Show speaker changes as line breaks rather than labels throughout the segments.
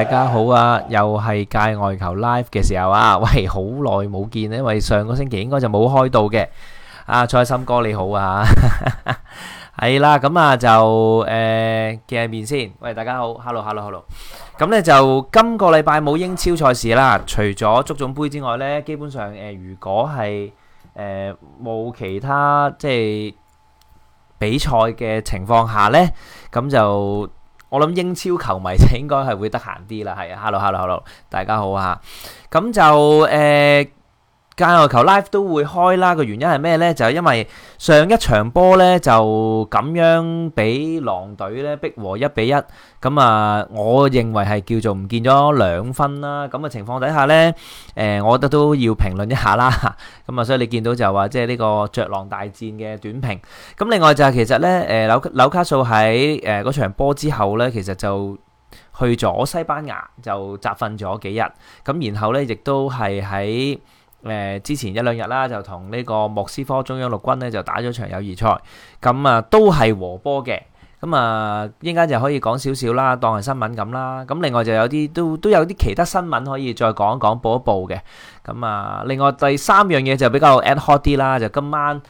大家好啊，又係界外球 live 嘅時候啊，喂，好耐冇見咧，因為上個星期應該就冇開到嘅。阿蔡心哥你好啊，係啦，咁啊就誒見下面先。喂，大家好，hello hello hello。咁咧就今個禮拜冇英超賽事啦，除咗足總杯之外咧，基本上誒如果係誒冇其他即係比賽嘅情況下咧，咁就我諗英超球迷就應該係會得閒。啲啦，係啊，hello，hello，hello，大家好啊！咁就誒，界外球 live 都會開啦。個原因係咩呢？就係因為上一場波呢就咁樣俾狼隊呢逼和一比一，咁啊，我認為係叫做唔見咗兩分啦。咁嘅情況底下呢，誒，我覺得都要評論一下啦。咁啊，所以你見到就話即係呢個鵲狼大戰嘅短評。咁另外就係其實呢，誒，紐紐卡素喺誒嗰場波之後呢，其實就，去咗西班牙就集訓咗幾日咁，然後咧亦都係喺誒之前一兩日啦，就同呢個莫斯科中央陸軍咧就打咗場友誼賽咁啊，都係和波嘅咁啊，應該就可以講少少啦，當係新聞咁啦。咁另外就有啲都都有啲其他新聞可以再講一講，報一報嘅咁啊。另外第三樣嘢就比較 at hot 啲啦，就今晚。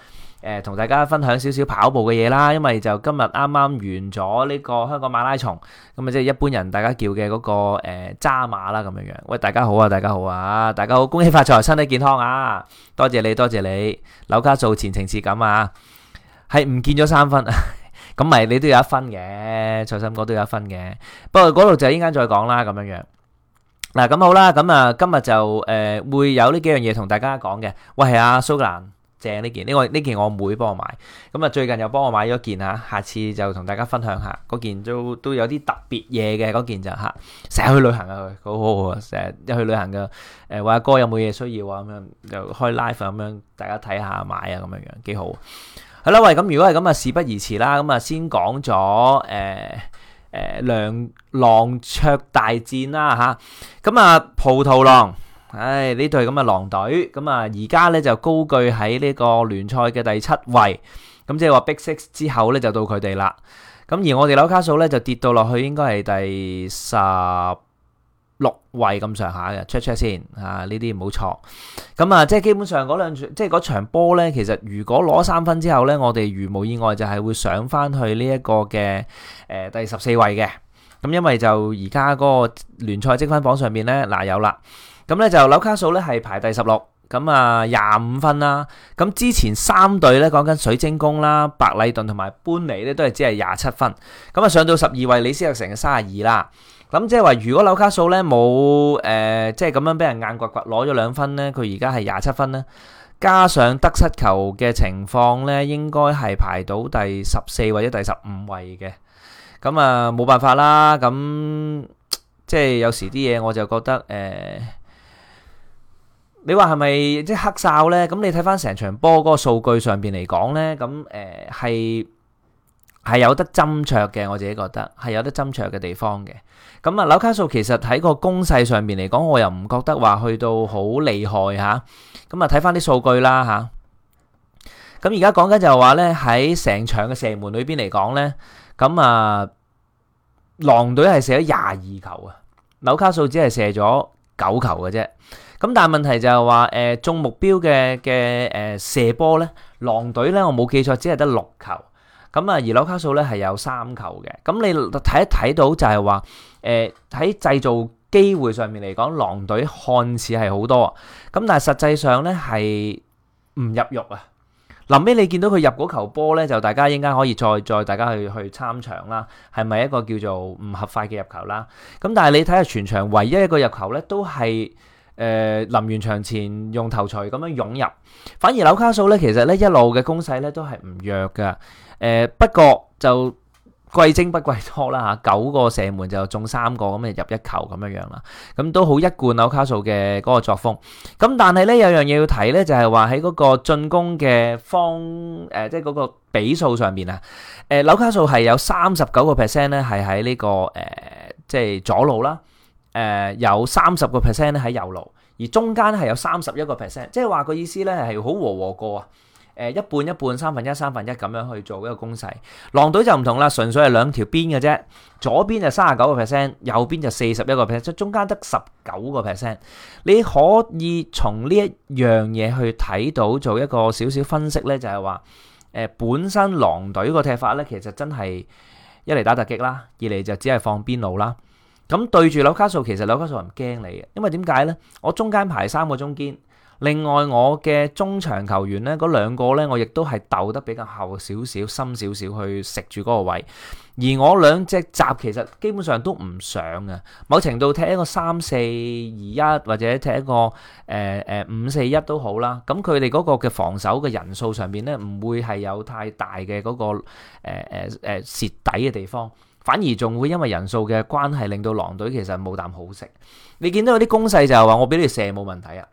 誒、呃，同大家分享少少跑步嘅嘢啦，因為就今日啱啱完咗呢個香港馬拉松，咁啊即係一般人大家叫嘅嗰、那個誒渣、呃、馬啦咁樣樣。喂，大家好啊，大家好啊，大家好，恭喜發財，身體健康啊！多謝你，多謝你，紐卡素前程似錦啊！係唔見咗三分，咁 咪你都有一分嘅，蔡生哥都有一分嘅，不過嗰度就一陣再講啦，咁樣樣。嗱、啊、咁、嗯、好啦，咁、嗯、啊今日就誒、呃、會有呢幾樣嘢同大家講嘅。喂，係啊，蘇格蘭。正呢件呢個呢件我妹幫我買，咁啊最近又幫我買咗件啊，下次就同大家分享下嗰件都都有啲特別嘢嘅嗰件就吓，成日去旅行啊，好好啊，成日一去旅行嘅，誒，話哥有冇嘢需要啊咁樣，就開 live 咁樣，樣，大家睇下買啊咁樣樣，幾好。係啦，喂，咁如果係咁啊，事不宜遲啦，咁啊先講咗，誒、呃、誒、呃，狼鵲大戰啦，哈、啊，咁啊葡萄浪。唉，呢、哎、隊咁嘅狼隊，咁啊，而家咧就高踞喺呢個聯賽嘅第七位，咁即係話 Big Six 之後咧就到佢哋啦。咁而我哋紐卡素咧就跌到落去，應該係第十六位咁上、啊、下嘅，check check 先吓，呢啲冇錯。咁啊，即係基本上嗰兩即係場波咧，其實如果攞三分之後咧，我哋如無意外就係會上翻去呢一個嘅誒、呃、第十四位嘅。咁、啊、因為就而家嗰個聯賽積分榜上面咧嗱、啊、有啦。咁咧就紐卡素咧係排第十六，啊，咁啊廿五分啦。咁之前三隊咧講緊水晶宮啦、白禮頓同埋搬尼咧都係只係廿七分。咁啊上到十二位李斯特城嘅卅二啦。咁即係話如果紐卡素咧冇誒即係咁樣俾人硬掘掘攞咗兩分咧，佢而家係廿七分啦，加上得失球嘅情況咧，應該係排到第十四或者第十五位嘅。咁啊冇辦法啦。咁即係有時啲嘢我就覺得誒。呃你話係咪即黑哨呢？咁你睇翻成場波嗰個數據上邊嚟講呢，咁誒係係有得斟酌嘅。我自己覺得係有得斟酌嘅地方嘅。咁啊，紐卡素其實喺個攻勢上邊嚟講，我又唔覺得話去到好厲害吓。咁啊，睇翻啲數據啦吓。咁而家講緊就係話呢，喺成場嘅射門裏邊嚟講呢，咁啊狼隊係射咗廿二球啊，紐卡素只係射咗九球嘅啫。咁但係問題就係話，誒、呃、中目標嘅嘅誒射波咧，狼隊咧我冇記錯只係得六球，咁啊而紐卡素咧係有三球嘅。咁你睇一睇到就係話，誒喺製造機會上面嚟講，狼隊看似係好多，咁但係實際上咧係唔入肉啊。臨尾你見到佢入嗰球波咧，就大家應該可以再再大家去去參詳啦，係咪一個叫做唔合法嘅入球啦、啊？咁但係你睇下全場唯一一個入球咧，都係。誒臨完場前用頭槌咁樣湧入，反而紐卡素咧其實咧一路嘅攻勢咧都係唔弱嘅。誒不過就貴精不貴多啦嚇，九個射門就中三個咁誒入一球咁樣樣啦。咁都好一貫紐卡素嘅嗰個作風。咁但係咧有樣嘢要睇咧，就係話喺嗰個進攻嘅方誒，即係嗰個比數上邊啊。誒紐卡素係有三十九個 percent 咧，係喺呢個誒即係左路啦。誒、呃，有三十個 percent 咧喺右路，而中間係有三十一個 percent，即係話個意思咧係好和和過啊。誒、呃，一半一半，三分一三分一咁樣去做一個攻勢。狼隊就唔同啦，純粹係兩條邊嘅啫，左邊就三十九個 percent，右邊就四十一個 percent，即中間得十九個 percent。你可以從呢一樣嘢去睇到做一個少少分析咧，就係話，誒，本身狼隊個踢法咧，其實真係一嚟打突擊啦，二嚟就只係放邊路啦。咁對住紐卡素，其實紐卡素唔驚你嘅，因為點解咧？我中間排三個中堅，另外我嘅中場球員咧，嗰兩個咧，我亦都係鬥得比較後少少、深少少去食住嗰個位，而我兩隻閘其實基本上都唔上嘅，某程度踢一個三四二一或者踢一個誒誒五四一都好啦。咁佢哋嗰個嘅防守嘅人數上邊咧，唔會係有太大嘅嗰、嗰個誒誒誒蝕底嘅地方。反而仲會因為人數嘅關係，令到狼隊其實冇啖好食。你見到有啲攻勢就係話我俾你射冇問題啊，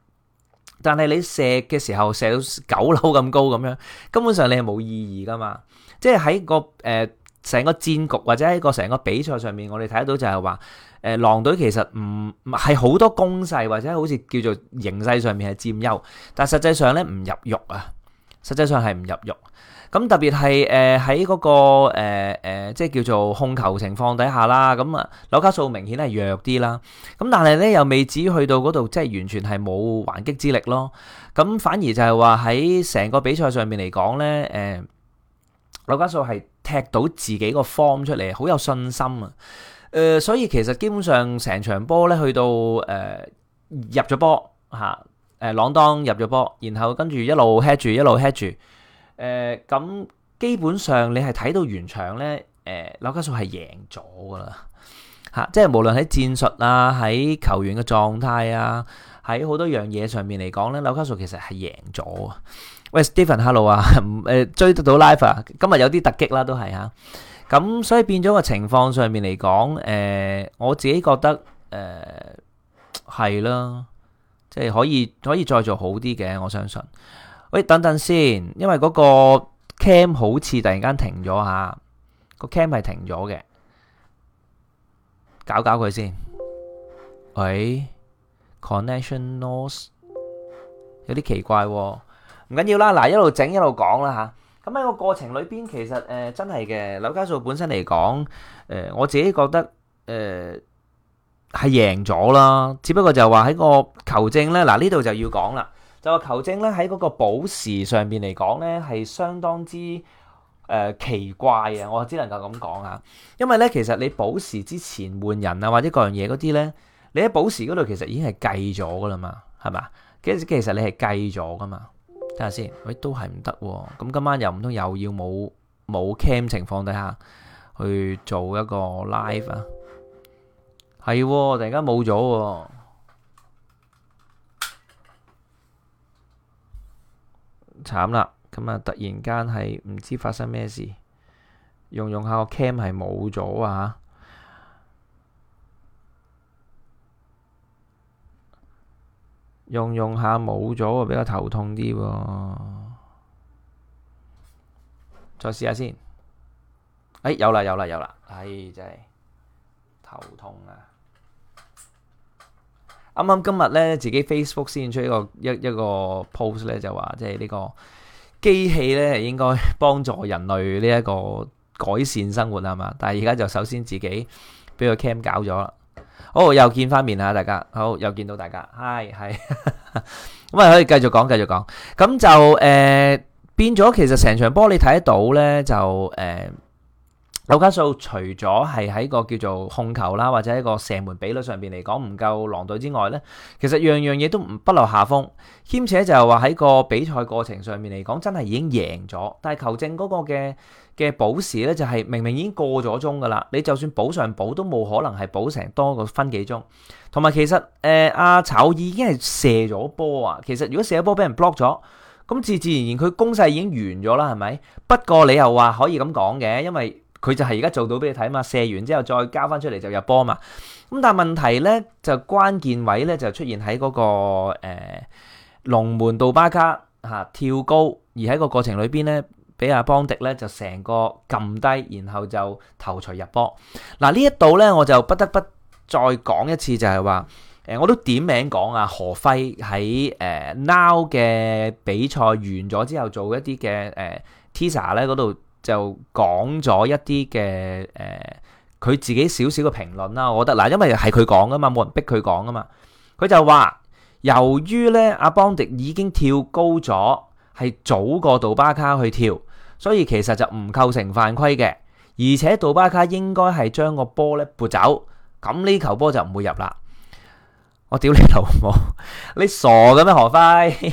但係你射嘅時候射到九樓咁高咁樣，根本上你係冇意義㗎嘛。即係喺個誒成個戰局或者喺個成個比賽上面，我哋睇到就係話誒狼隊其實唔係好多攻勢或者好似叫做形勢上面係佔優，但實際上咧唔入肉啊，實際上係唔入肉。咁特別係誒喺嗰個誒、呃呃、即係叫做控球情況底下啦，咁啊，紐卡素明顯係弱啲啦。咁但係咧又未至於去到嗰度，即係完全係冇還擊之力咯。咁反而就係話喺成個比賽上面嚟講咧，誒、呃，紐卡素係踢到自己個 form 出嚟，好有信心啊。誒、呃，所以其實基本上成場波咧，去到誒、呃、入咗波嚇，誒朗當入咗波，然後跟住一路 head 住，一路 head 住。誒，咁、呃、基本上你係睇到完場咧，誒、呃，紐卡素係贏咗噶啦，吓，即係無論喺戰術啊，喺球員嘅狀態啊，喺好多樣嘢上面嚟講咧，紐卡素其實係贏咗。啊。喂，Stephen，hello 啊，誒、啊啊嗯呃，追得到 Live、啊、今日有啲突擊啦，都係吓、啊，咁、啊、所以變咗個情況上面嚟講，誒、呃，我自己覺得誒係、呃、啦，即、就、係、是、可以可以再做好啲嘅，我相信。喂，等等先，因為嗰個 cam 好似突然間停咗吓，個 cam 係停咗嘅，搞搞佢先。喂，Connection loss， 哎，有啲奇怪哦，唔緊要啦，嗱，一路整一路講啦吓。咁喺個過程裏邊，其實誒、呃、真係嘅，紐卡素本身嚟講，誒、呃、我自己覺得誒係贏咗啦，只不過就話喺個球證咧，嗱呢度就要講啦。就話求證咧，喺嗰個保時上邊嚟講咧，係相當之誒、呃、奇怪嘅。我只能夠咁講啊，因為咧其實你保時之前換人啊，或者各樣嘢嗰啲咧，你喺保時嗰度其實已經係計咗噶啦嘛，係嘛？其實其實你係計咗噶嘛？睇下先，喂、哎，都係唔得喎。咁今晚又唔通又要冇冇 cam 情況底下去做一個 live 啊？係、哦，突然間冇咗。慘啦，咁啊突然間係唔知發生咩事，用用下個 cam 係冇咗啊，用用下冇咗啊，比較頭痛啲，再試下先，哎有啦有啦有啦，哎真係頭痛啊！啱啱今日咧，自己 Facebook 先出一個一一個 post 咧，就話即係呢個機器咧應該幫助人類呢一個改善生活係嘛？但係而家就首先自己俾個 cam 搞咗啦。好，又見翻面啦，大家好，又見到大家，係係。咁啊，可以繼續講，繼續講。咁就誒、呃、變咗，其實成場波你睇得到咧，就誒。呃紐卡素除咗係喺個叫做控球啦，或者喺個射門比率上面嚟講唔夠狼隊之外咧，其實樣樣嘢都唔不落下風。兼且就係話喺個比賽過程上面嚟講，真係已經贏咗。但係球證嗰個嘅嘅補時咧，就係、是、明明已經過咗鐘㗎喇，你就算補上補都冇可能係補成多個分幾鐘。同埋其實誒阿、呃啊、炒已經係射咗波啊，其實如果射波俾人 block 咗，咁自自然然佢攻勢已經完咗啦，係咪？不過你又話可以咁講嘅，因為佢就係而家做到俾你睇嘛，射完之後再交翻出嚟就入波嘛。咁但係問題咧就關鍵位咧就出現喺嗰、那個誒、呃、龍門杜巴卡嚇、啊、跳高，而喺個過程裏邊咧，俾阿邦迪咧就成個撳低，然後就頭槌入波。嗱、啊、呢一度咧我就不得不再講一次就，就係話誒我都點名講啊，何輝喺誒 now 嘅比賽完咗之後做一啲嘅誒 teaser 咧度。呃就講咗一啲嘅誒，佢、呃、自己少少嘅評論啦。我覺得嗱，因為係佢講噶嘛，冇人逼佢講噶嘛。佢就話，由於咧阿邦迪已經跳高咗，係早過杜巴卡去跳，所以其實就唔構成犯規嘅。而且杜巴卡應該係將個波咧撥走，咁呢球波就唔會入啦。我屌你老母！你傻嘅咩何輝？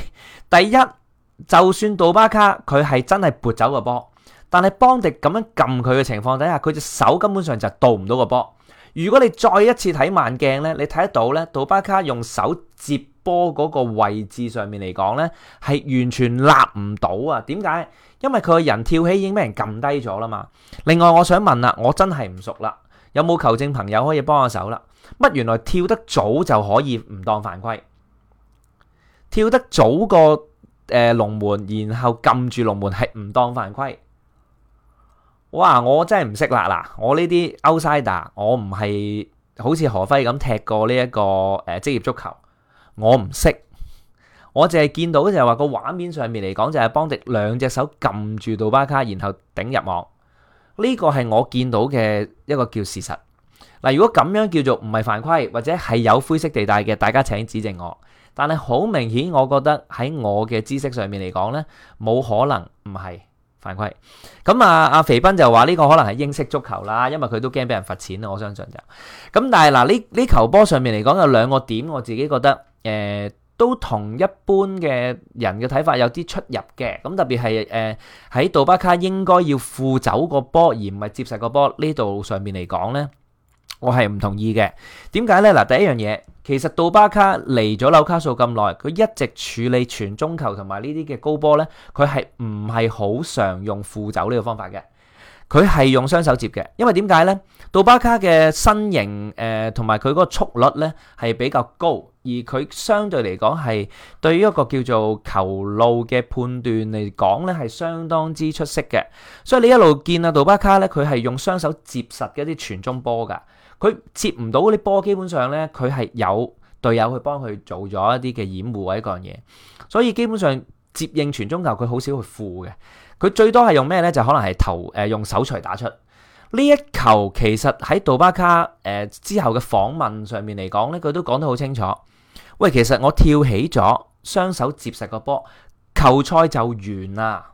第一，就算杜巴卡佢係真係撥走個波。但係邦迪咁樣撳佢嘅情況底下，佢隻手根本上就到唔到個波。如果你再一次睇慢鏡呢，你睇得到呢杜巴卡用手接波嗰個位置上面嚟講呢，係完全立唔到啊！點解？因為佢個人跳起已經俾人撳低咗啦嘛。另外，我想問啦，我真係唔熟啦，有冇球證朋友可以幫下手啦？乜原來跳得早就可以唔當犯規？跳得早個誒龍門，然後撳住龍門係唔當犯規？哇！我真係唔識啦嗱，我呢啲 Outsider，我唔係好似何輝咁踢過呢、這、一個誒、呃、職業足球，我唔識。我淨係見到就係話個畫面上面嚟講就係邦迪兩隻手撳住杜巴卡，然後頂入網。呢個係我見到嘅一個叫事實。嗱、呃，如果咁樣叫做唔係犯規或者係有灰色地帶嘅，大家請指正我。但係好明顯，我覺得喺我嘅知識上面嚟講呢，冇可能唔係。犯規，咁啊阿肥斌就話呢個可能係英式足球啦，因為佢都驚俾人罰錢啦，我相信就咁。但係嗱呢，呢球波上面嚟講有兩個點，我自己覺得誒都同一般嘅人嘅睇法有啲出入嘅。咁特別係誒喺杜巴卡應該要負走個波而唔係接實個波呢度上面嚟講咧，我係唔同意嘅。點解咧嗱？第一樣嘢。其實杜巴卡嚟咗紐卡素咁耐，佢一直處理傳中球同埋呢啲嘅高波咧，佢係唔係好常用扶走呢個方法嘅？佢係用雙手接嘅，因為點解咧？杜巴卡嘅身形誒，同埋佢嗰個速率咧係比較高，而佢相對嚟講係對於一個叫做球路嘅判斷嚟講咧係相當之出色嘅，所以你一路見啊杜巴卡咧，佢係用雙手接實一啲傳中波噶佢接唔到嗰啲波，基本上咧佢係有隊友去幫佢做咗一啲嘅掩護或者嗰樣嘢，所以基本上接應傳中球佢好少去負嘅，佢最多係用咩咧？就可能係頭誒用手錘打出呢一球。其實喺杜巴卡誒、呃、之後嘅訪問上面嚟講咧，佢都講得好清楚。喂，其實我跳起咗，雙手接實個波，球賽就完啦。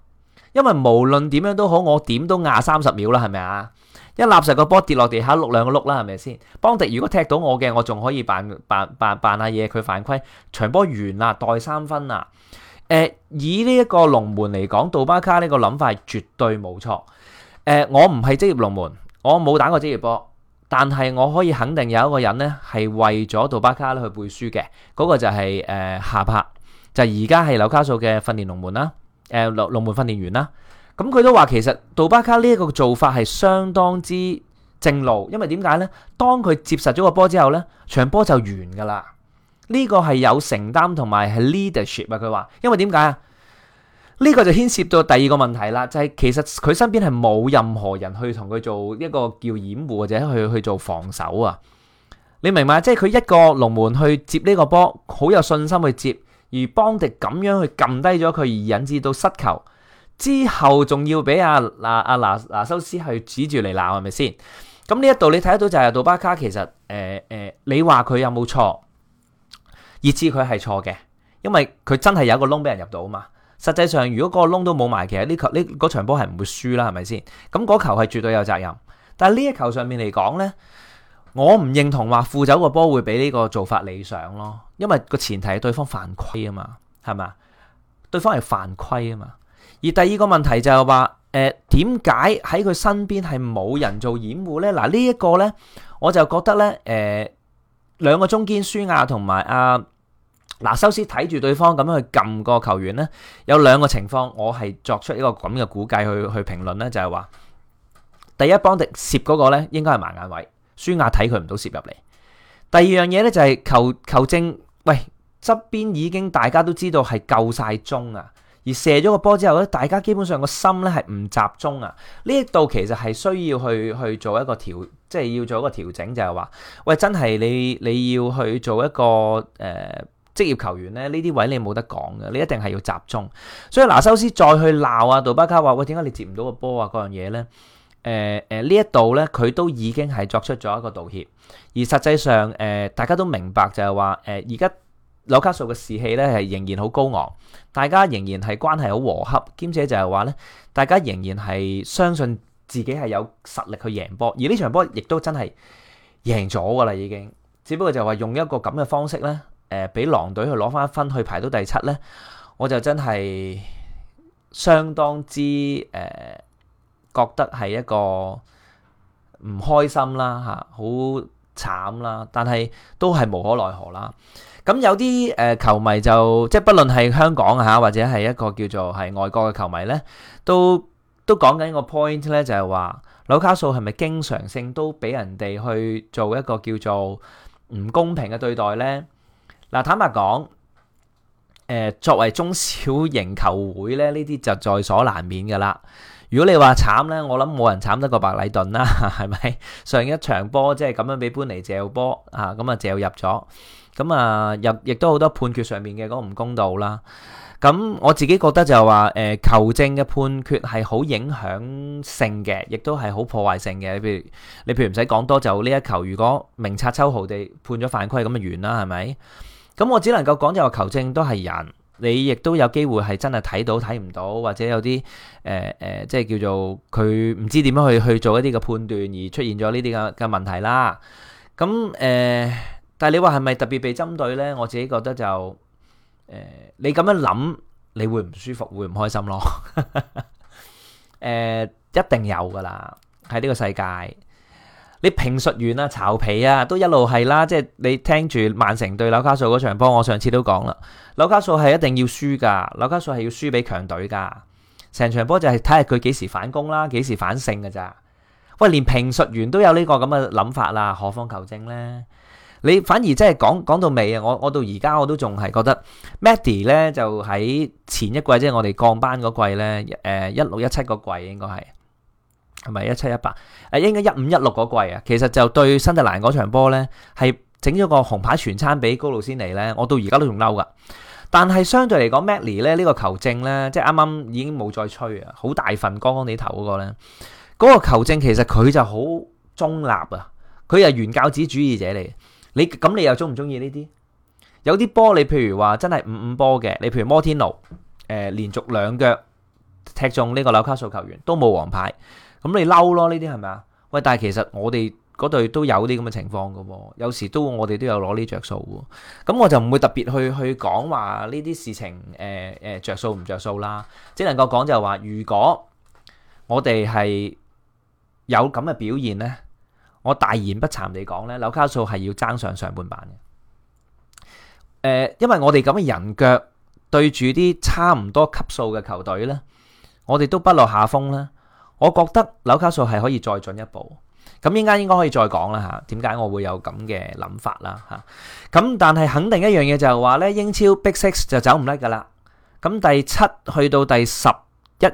因為無論點樣都好，我點都壓三十秒啦，係咪啊？一立實個波跌落地，下，碌兩個碌啦，係咪先？邦迪，如果踢到我嘅，我仲可以扮扮扮扮，扮，扮下嘢，佢犯規，長波完啦，代三分啦。誒、呃，以呢一個龍門嚟講，杜巴卡呢個諗法絕對冇錯。誒、呃，我唔係職業龍門，我冇打過職業波，但係我可以肯定有一個人呢係為咗杜巴卡咧去背書嘅，嗰、那個就係、是、誒、呃、下拍，就而家係紐卡素嘅訓練龍門啦，誒、呃、龍龍門訓練員啦。咁佢、嗯、都話其實杜巴卡呢一個做法係相當之正路，因為點解呢？當佢接實咗個波之後咧，場波就完噶啦。呢、這個係有承擔同埋係 leadership 啊！佢話，因為點解啊？呢、這個就牽涉到第二個問題啦，就係、是、其實佢身邊係冇任何人去同佢做一個叫掩護或者去去做防守啊。你明嘛？即係佢一個龍門去接呢個波，好有信心去接，而邦迪咁樣去撳低咗佢，而引致到失球。之後仲要俾阿嗱阿嗱嗱修斯去指住嚟鬧係咪先？咁呢一度你睇得到就係杜巴卡其實誒誒、呃呃，你話佢有冇錯？而知佢係錯嘅，因為佢真係有一個窿俾人入到啊嘛。實際上，如果嗰個窿都冇埋，其實呢球呢嗰場波係唔會輸啦，係咪先？咁、那、嗰、個、球係絕對有責任。但係呢一球上面嚟講咧，我唔認同話副走個波會俾呢個做法理想咯，因為個前提係對方犯規啊嘛，係嘛？對方係犯規啊嘛。而第二個問題就係話，誒點解喺佢身邊係冇人做掩護咧？嗱呢一個咧，我就覺得咧，誒兩個中堅舒亞同埋阿納修斯睇住對方咁樣去撳個球員咧，有兩個情況，我係作出一個咁嘅估計去去評論咧，就係話，第一邦迪涉嗰個咧應該係盲眼位，舒亞睇佢唔到涉入嚟。第二樣嘢咧就係球球證，喂側邊已經大家都知道係夠晒鐘啊！而射咗個波之後咧，大家基本上個心咧係唔集中啊！呢一度其實係需要去去做一個調，即係要做一個調整，就係話：喂，真係你你要去做一個誒職業球員咧，呢啲位你冇得講嘅，你一定係要集中。所以拿修斯再去鬧啊，杜巴卡話：喂，點解你接唔到個波啊？嗰樣嘢咧，誒誒呢一度咧，佢都已經係作出咗一個道歉。而實際上誒，大家都明白就係話誒，而家。紐卡素嘅士氣咧，係仍然好高昂，大家仍然係關係好和洽。兼且就係話咧，大家仍然係相信自己係有實力去贏波，而呢場波亦都真係贏咗噶啦，已經，只不過就係話用一個咁嘅方式咧，誒、呃，俾狼隊去攞翻一分去排到第七咧，我就真係相當之誒、呃，覺得係一個唔開心啦，吓、啊，好慘啦，但係都係無可奈何啦。咁有啲誒、呃、球迷就即係，不論係香港啊，或者係一個叫做係外國嘅球迷咧，都都講緊一個 point 咧，就係話紐卡素係咪經常性都俾人哋去做一個叫做唔公平嘅對待咧？嗱、呃，坦白講，誒、呃、作為中小型球會咧，呢啲就在所難免噶啦。如果你話慘咧，我諗冇人慘得過白禮頓啦，係咪？ 上一場波即係咁樣俾搬嚟借波啊，咁啊，就借入咗。咁啊，入亦都好多判決上面嘅嗰個唔公道啦。咁、嗯、我自己覺得就係話，誒、呃、球證嘅判決係好影響性嘅，亦都係好破壞性嘅。你譬如，你譬如唔使講多，就呢一球如果明察秋毫地判咗犯規，咁就完啦，係咪？咁、嗯、我只能夠講就話球證都係人，你亦都有機會係真係睇到睇唔到，或者有啲誒誒，即係叫做佢唔知點樣去去做一啲嘅判斷，而出現咗呢啲嘅嘅問題啦。咁、嗯、誒。呃但係你話係咪特別被針對咧？我自己覺得就誒、呃，你咁樣諗你會唔舒服，會唔開心咯？ 誒、呃，一定有噶啦，喺呢個世界，你評述員啊、巢皮啊，都一路係啦。即係你聽住曼城對紐卡素嗰場波，我上次都講啦，紐卡素係一定要輸噶，紐卡素係要輸俾強隊噶，成場波就係睇下佢幾時反攻啦，幾時反勝噶咋？喂，連評述員都有呢、這個咁嘅諗法啦，何方求證咧？你反而即係講講到尾啊！我我到而家我都仲係覺得 Maddie 咧就喺前一季，即係我哋降班嗰季咧，誒一六一七個季應該係係咪一七一八？誒應該一五一六嗰季啊。其實就對新特蘭嗰場波咧，係整咗個紅牌全餐俾高路先尼咧。我到而家都仲嬲噶，但係相對嚟講 Maddie 咧呢個球證咧，即係啱啱已經冇再吹啊，好大份光光地頭嗰個咧，嗰個球證其實佢就好中立啊，佢係原教旨主義者嚟。你咁你又中唔中意呢啲？有啲波你譬如話真係五五波嘅，你譬如摩天奴誒、呃、連續兩腳踢中呢個紐卡素球員都冇黃牌，咁你嬲咯？呢啲係咪啊？喂，但係其實我哋嗰隊都有啲咁嘅情況嘅喎，有時都我哋都有攞呢著數喎。咁我就唔會特別去去講話呢啲事情，誒誒著數唔着數啦。只、呃、能夠講就係話，如果我哋係有咁嘅表現咧。我大言不慚地講咧，紐卡素係要爭上上半版嘅。誒、呃，因為我哋咁嘅人腳對住啲差唔多級數嘅球隊咧，我哋都不落下風啦。我覺得紐卡素係可以再進一步。咁應該應該可以再講啦吓，點、啊、解我會有咁嘅諗法啦吓？咁、啊嗯、但係肯定一樣嘢就係話咧，英超 Big Six 就走唔甩噶啦。咁、嗯、第七去到第十。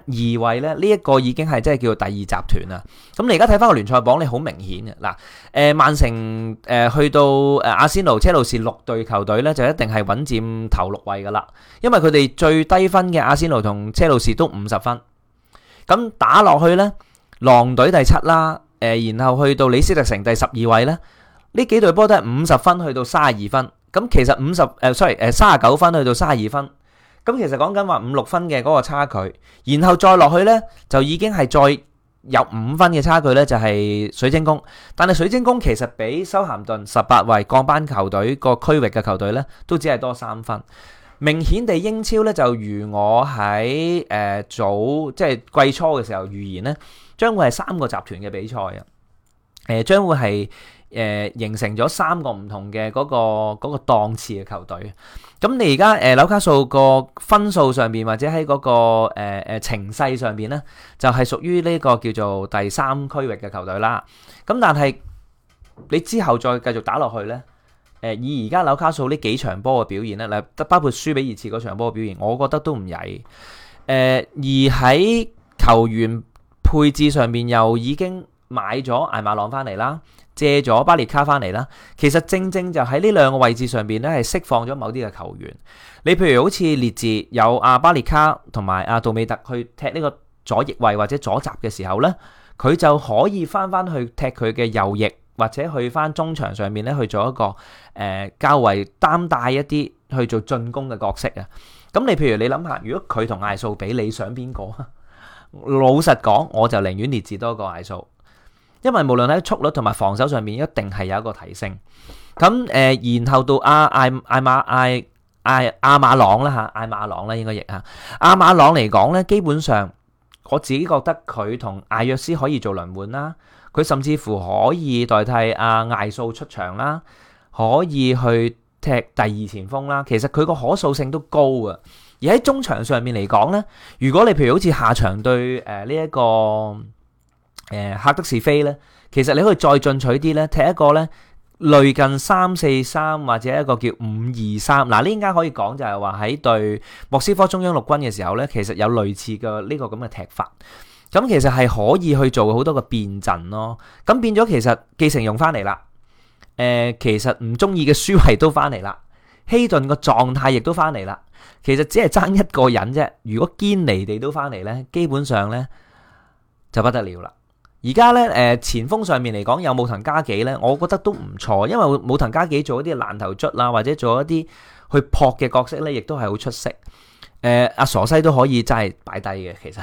一二位咧，呢一個已經係即係叫做第二集團啦。咁你而家睇翻個聯賽榜咧，好明顯嘅嗱，誒曼城誒去到誒阿仙奴、車路士六隊球隊咧，就一定係穩佔頭六位噶啦。因為佢哋最低分嘅阿仙奴同車路士都五十分，咁打落去咧，狼隊第七啦，誒然後去到李斯特城第十二位咧，呢幾隊波都係五十分去到卅二分，咁其實五十誒，sorry 誒卅九分去到卅二分。咁其實講緊話五六分嘅嗰個差距，然後再落去呢，就已經係再有五分嘅差距呢，就係水晶宮。但係水晶宮其實比修咸頓十八位降班球隊個區域嘅球隊呢，都只係多三分。明顯地，英超呢，就如我喺誒、呃、早即係、就是、季初嘅時候預言呢，將會係三個集團嘅比賽啊。誒、呃，將會係。誒形成咗三個唔同嘅嗰個嗰個檔次嘅球隊。咁你而家誒紐卡素個分數上邊或者喺嗰個誒誒情勢上邊咧，就係屬於呢個叫做第三區域嘅球隊啦。咁但係你之後再繼續打落去咧，誒、呃、以而家紐卡素呢幾場波嘅表現咧，嗱，包括輸俾熱刺嗰場波嘅表現，我覺得都唔曳。誒、呃、而喺球員配置上面，又已經買咗艾馬朗翻嚟啦。借咗巴列卡翻嚟啦，其實正正就喺呢兩個位置上邊咧，係釋放咗某啲嘅球員。你譬如好似列治有阿巴列卡同埋阿杜美特去踢呢個左翼位或者左閘嘅時候咧，佢就可以翻翻去踢佢嘅右翼或者去翻中場上面咧去做一個誒較為擔帶一啲去做進攻嘅角色啊。咁你譬如你諗下，如果佢同艾素比，你想邊個啊？ 老實講，我就寧願列治多過艾素。因為無論喺速率同埋防守上面，一定係有一個提升。咁、嗯、誒，然後到阿艾艾馬艾艾阿馬朗啦吓，艾、啊、馬朗啦應該亦吓、啊。阿馬朗嚟講咧，基本上我自己覺得佢同艾若斯可以做輪換啦。佢甚至乎可以代替阿艾素出場啦，可以去踢第二前鋒啦。其實佢個可塑性都高啊。而喺中場上面嚟講咧，如果你譬如好似下場對誒呢一個。誒嚇、呃、得是非咧，其實你可以再進取啲咧，踢一個咧類近三四三或者一個叫五二三。嗱，呢間可以講就係話喺對莫斯科中央陸軍嘅時候咧，其實有類似嘅呢個咁嘅踢法。咁其實係可以去做好多嘅變陣咯。咁變咗其實奇誠庸翻嚟啦。誒、呃，其實唔中意嘅舒維都翻嚟啦，希頓個狀態亦都翻嚟啦。其實只係爭一個人啫。如果堅尼地都翻嚟咧，基本上咧就不得了啦。而家咧，誒、呃、前鋒上面嚟講，有武藤嘉紀咧，我覺得都唔錯，因為武藤嘉紀做一啲爛頭卒啦、啊，或者做一啲去撲嘅角色咧，亦都係好出色。誒、呃，阿傻西都可以真係擺低嘅，其實。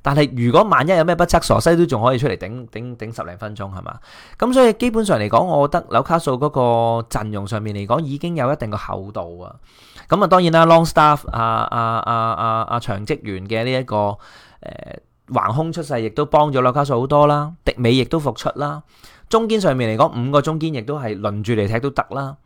但係如果萬一有咩不測，傻西都仲可以出嚟頂頂頂十零分鐘係嘛。咁所以基本上嚟講，我覺得紐卡素嗰個陣容上面嚟講，已經有一定個厚度啊。咁啊，當然啦，Longstaff 阿阿阿阿長職員嘅呢一個誒。呃橫空出世，亦都幫咗紐卡素好多啦。迪美亦都復出啦。中堅上面嚟講，五個中堅亦都係輪住嚟踢都得啦。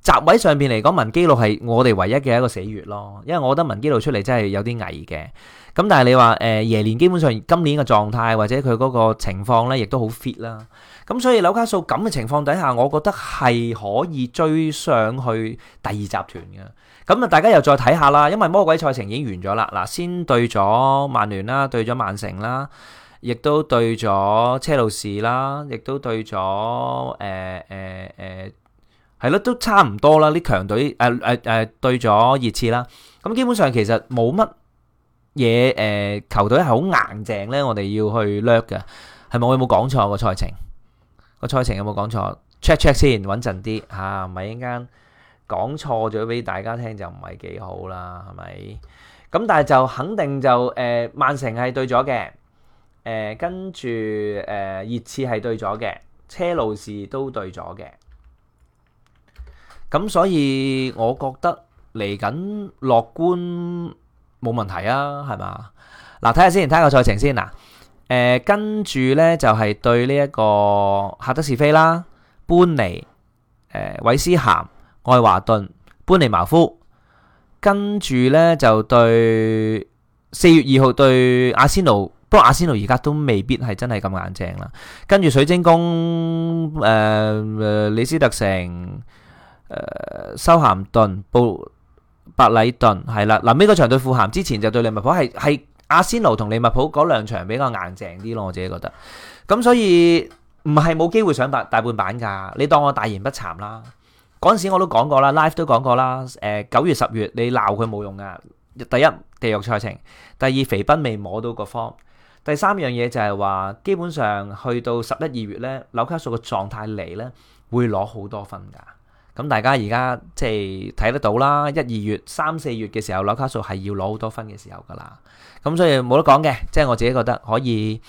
集位上邊嚟講，文基路係我哋唯一嘅一個死穴咯，因為我覺得文基路出嚟真係有啲危嘅。咁但係你話誒耶連基本上今年嘅狀態或者佢嗰個情況咧，亦都好 fit 啦。咁所以紐卡素咁嘅情況底下，我覺得係可以追上去第二集團嘅。咁啊，大家又再睇下啦，因為魔鬼賽程已經完咗啦。嗱，先對咗曼聯啦，對咗曼城啦，亦都對咗車路士啦，亦都對咗誒誒誒，係、呃、咯、呃，都差唔多啦。啲強隊誒誒誒對咗熱刺啦。咁基本上其實冇乜嘢誒，球隊係好硬淨咧，我哋要去掠嘅，係咪？我有冇講錯個賽程？個賽程有冇講錯？check check 先，穩陣啲嚇，咪、啊？一間。講錯咗俾大家聽就唔係幾好啦，係咪咁？但係就肯定就誒、呃，曼城係對咗嘅誒，跟住誒熱刺係對咗嘅，車路士都對咗嘅。咁所以我覺得嚟緊樂觀冇問題啊，係嘛嗱？睇下先，睇下個賽程先嗱誒，跟住咧就係、是、對呢一個哈德斯菲啦，般尼誒、呃、韋斯咸。愛華頓、搬尼茅夫，跟住呢，就對四月二號對阿仙奴，不過阿仙奴而家都未必係真係咁硬淨啦。跟住水晶宮、誒、呃、誒、呃、李斯特城、誒、呃、修咸頓、布伯禮頓係啦。臨呢個場對富咸之前就對利物浦係，係阿仙奴同利物浦嗰兩場比較硬淨啲咯，我自己覺得。咁所以唔係冇機會上白大半版噶，你當我大言不慚啦。嗰陣時我都講過啦，Live 都講過啦。誒、呃，九月、十月你鬧佢冇用噶。第一，地獄賽程；第二，肥斌未摸到個方；第三樣嘢就係話，基本上去到十一二月咧，紐卡素嘅狀態嚟咧，會攞好多分噶。咁大家而家即係睇得到啦。一二月、三四月嘅時候，紐卡素係要攞好多分嘅時候噶啦。咁所以冇得講嘅，即係我自己覺得可以，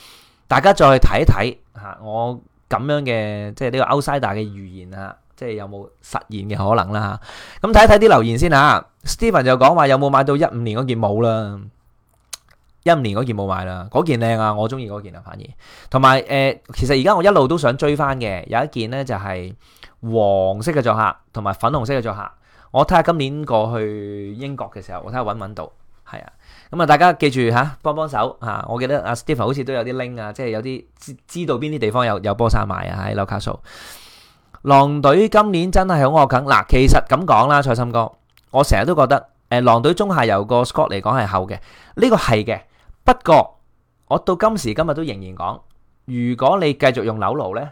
大家再睇一睇嚇。我咁樣嘅即係呢個 Outsider 嘅預言啊。即係有冇實現嘅可能啦，啊？咁睇一睇啲留言先嚇，啊。Steven 就講話有冇買到一五年嗰件帽啦，一五年嗰件冇買啦，嗰件靚啊，我中意嗰件啊，反而同埋誒，其實而家我一路都想追翻嘅有一件咧就係，是，黃色嘅作客同埋粉紅色嘅作客，我睇下今年過去英國嘅時候，我睇下揾唔揾到。係啊，咁，嗯，啊大家記住嚇，啊，幫幫手嚇，啊。我記得阿 Steven 好似都有啲 link 啊，即係有啲知知道邊啲地方有有波衫賣啊喺 Lakas。狼隊今年真係好惡緊嗱，其實咁講啦，蔡心哥，我成日都覺得，誒、呃，狼隊中下游個 Scott 嚟講係厚嘅，呢、這個係嘅。不過我到今時今日都仍然講，如果你繼續用紐奴呢，誒、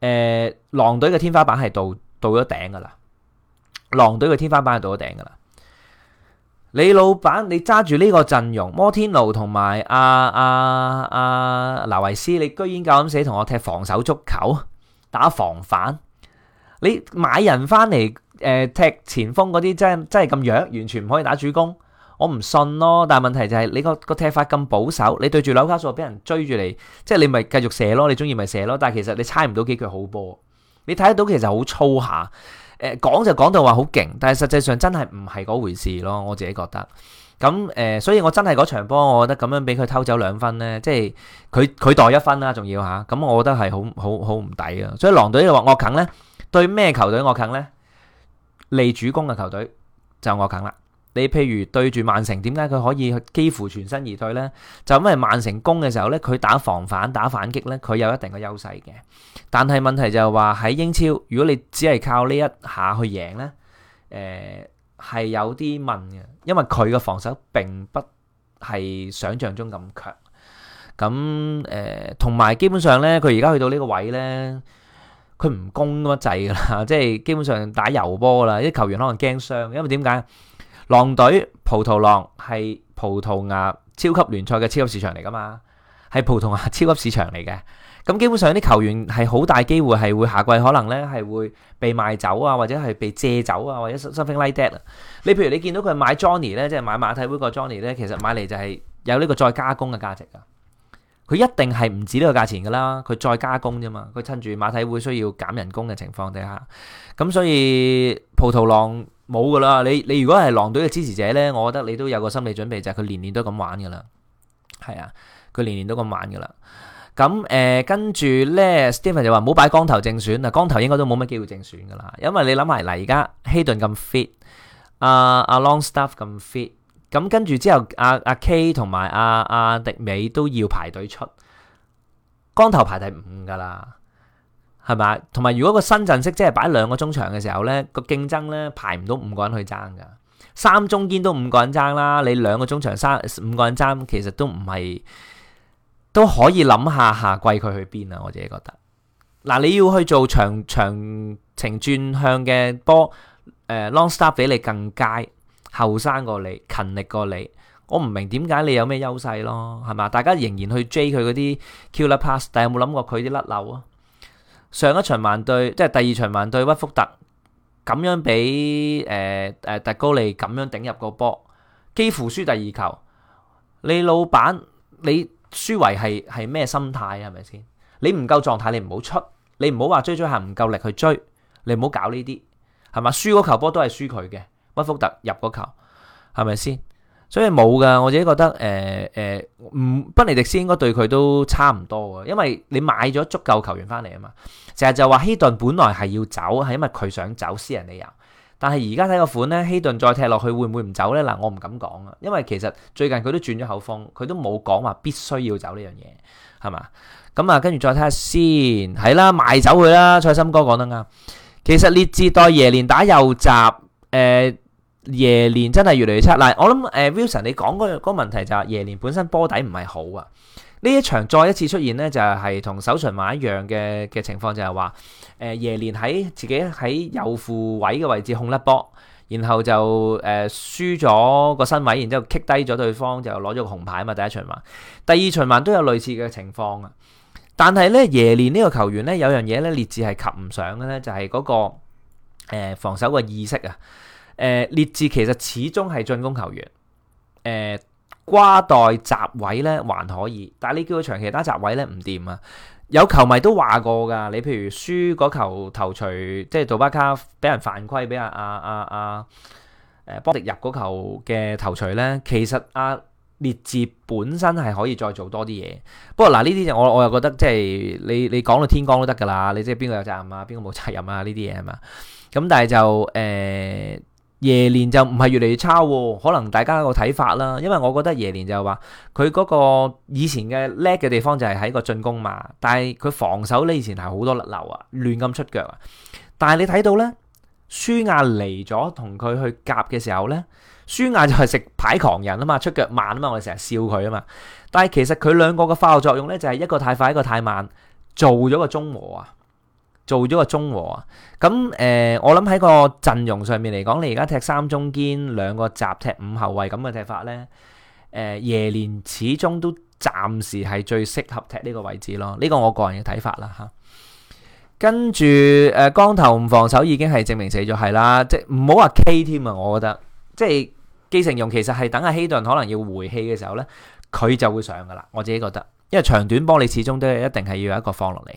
呃，狼隊嘅天花板係到到咗頂噶啦，狼隊嘅天花板係到咗頂噶啦你老闆，你揸住呢個陣容，摩天奴同埋阿阿阿劉維斯，你居然夠膽死同我踢防守足球？打防反，你買人翻嚟，誒、呃、踢前鋒嗰啲真真係咁弱，完全唔可以打主攻，我唔信咯。但係問題就係、是、你個個踢法咁保守，你對住紐卡素俾人追住你，即係你咪繼續射咯，你中意咪射咯。但係其實你猜唔到幾句好波，你睇得到其實好粗下，誒、呃、講就講到話好勁，但係實際上真係唔係嗰回事咯，我自己覺得。咁誒、呃，所以我真係嗰場波，我覺得咁樣俾佢偷走兩分咧，即係佢取代一分啦、啊，仲要嚇。咁我覺得係好好好唔抵咯。所以狼隊又話惡啃咧，對咩球隊惡啃咧？利主攻嘅球隊就惡啃啦。你譬如對住曼城，點解佢可以幾乎全身而退咧？就因為曼城攻嘅時候咧，佢打防反、打反擊咧，佢有一定嘅優勢嘅。但係問題就係話喺英超，如果你只係靠呢一下去贏咧，誒、呃。係有啲問嘅，因為佢嘅防守並不係想象中咁強。咁誒，同、呃、埋基本上咧，佢而家去到呢個位咧，佢唔攻乜滯㗎啦，即係基本上打油波啦。啲球員可能驚傷，因為點解狼隊葡萄狼係葡萄牙超級聯賽嘅超級市場嚟㗎嘛。係葡萄牙超級市場嚟嘅，咁基本上啲球員係好大機會係會下季可能咧係會被賣走啊，或者係被借走啊，或者 something like that。你譬如你見到佢買 Johnny 咧，即係買馬體會個 Johnny 咧，其實買嚟就係有呢個再加工嘅價值噶。佢一定係唔止呢個價錢噶啦，佢再加工啫嘛。佢趁住馬體會需要減人工嘅情況底下，咁所以葡萄狼冇噶啦。你你如果係狼隊嘅支持者咧，我覺得你都有個心理準備，就係佢年年都咁玩噶啦。係啊。佢年年都咁玩噶啦，咁、嗯、誒、呃、跟住咧，Stephen 就話唔好擺光頭正選啊！光頭應該都冇乜機會正選噶啦，因為你諗埋嗱，而家希頓咁 fit，阿、呃、阿、啊、Longstaff 咁 fit，咁、嗯、跟住之後，阿、啊、阿、啊、K 同埋阿阿迪美都要排隊出，光頭排第五噶啦，係咪？同埋如果個新陣式即係擺兩個中場嘅時候咧，個競爭咧排唔到五個人去爭噶，三中堅都五個人爭啦，你兩個中場三五個人爭，其實都唔係。都可以諗下下季佢去邊啊！我自己覺得，嗱，你要去做長長程轉向嘅波，誒、呃、Long Star 比你更佳，後生過你，勤力過你，我唔明點解你有咩優勢咯？係嘛？大家仍然去追佢嗰啲 killer pass，但有冇諗過佢啲甩漏啊？上一場曼隊，即係第二場曼隊屈福特咁樣俾誒誒特高利咁樣頂入個波，幾乎輸第二球。你老闆你？輸維係係咩心態啊？係咪先？你唔夠狀態，你唔好出，你唔好話追追下唔夠力去追，你唔好搞呢啲，係咪？輸嗰球波都係輸佢嘅，屈福特入嗰球，係咪先？所以冇噶，我自己覺得誒誒，唔、呃，賓、呃、尼迪斯應該對佢都差唔多啊，因為你買咗足夠球員翻嚟，啊嘛。成日就話希頓本來係要走，係因為佢想走私人理由。但係而家睇個款咧，希頓再踢落去會唔會唔走咧？嗱，我唔敢講啊，因為其實最近佢都轉咗口風，佢都冇講話必須要走呢樣嘢，係嘛？咁啊，跟住再睇下先，係啦、啊，賣走佢啦！蔡森哥講得啱，其實列治代耶連打右閘，誒、呃、耶連真係越嚟越差。嗱、呃，我諗誒、呃、Wilson 你講嗰、嗰個嗰問題就係耶連本身波底唔係好啊。呢一場再一次出現呢，就係、是、同首循環一樣嘅嘅情況就，就係話，誒耶連喺自己喺右副位嘅位置控甩波，然後就誒、呃、輸咗個身位，然之後擊低咗對方，就攞咗個紅牌啊嘛！第一循環，第二循環都有類似嘅情況啊。但係咧，耶連呢個球員咧，有樣嘢咧，列治係及唔上嘅咧，就係、是、嗰、那個、呃、防守嘅意識啊。誒、呃、列治其實始終係進攻球員，誒、呃。瓜代閘位咧還可以，但係你叫佢長期打閘位咧唔掂啊！有球迷都話過噶，你譬如輸嗰球頭槌，即係杜巴卡俾人犯規，俾阿阿阿阿誒，波、啊啊、迪入嗰球嘅頭槌咧，其實阿、啊、列治本身係可以再做多啲嘢。不過嗱呢啲就我我又覺得即係你你講到天光都得噶啦，你即係邊個有責任啊？邊個冇責任啊？呢啲嘢係嘛？咁但係就誒。呃耶連就唔係越嚟越差喎、哦，可能大家個睇法啦。因為我覺得耶連就係話佢嗰個以前嘅叻嘅地方就係喺個進攻嘛，但係佢防守呢以前係好多甩流啊，亂咁出腳啊。但係你睇到呢，舒雅嚟咗同佢去夾嘅時候呢，舒雅就係食牌狂人啊嘛，出腳慢啊嘛，我哋成日笑佢啊嘛。但係其實佢兩個嘅化學作用呢，就係、是、一個太快，一個太慢，做咗個中和啊。做咗個中和啊！咁誒、呃，我諗喺個陣容上面嚟講，你而家踢三中堅，兩個集踢五後衞咁嘅踢法呢，誒、呃、耶連始終都暫時係最適合踢呢個位置咯。呢、這個我個人嘅睇法啦嚇。跟住誒、呃，光頭唔防守已經係證明死咗係啦，即係唔好話 K 添啊！我覺得即係基成勇其實係等阿希頓可能要回氣嘅時候呢，佢就會上噶啦。我自己覺得，因為長短幫你始終都一定係要有一個放落嚟，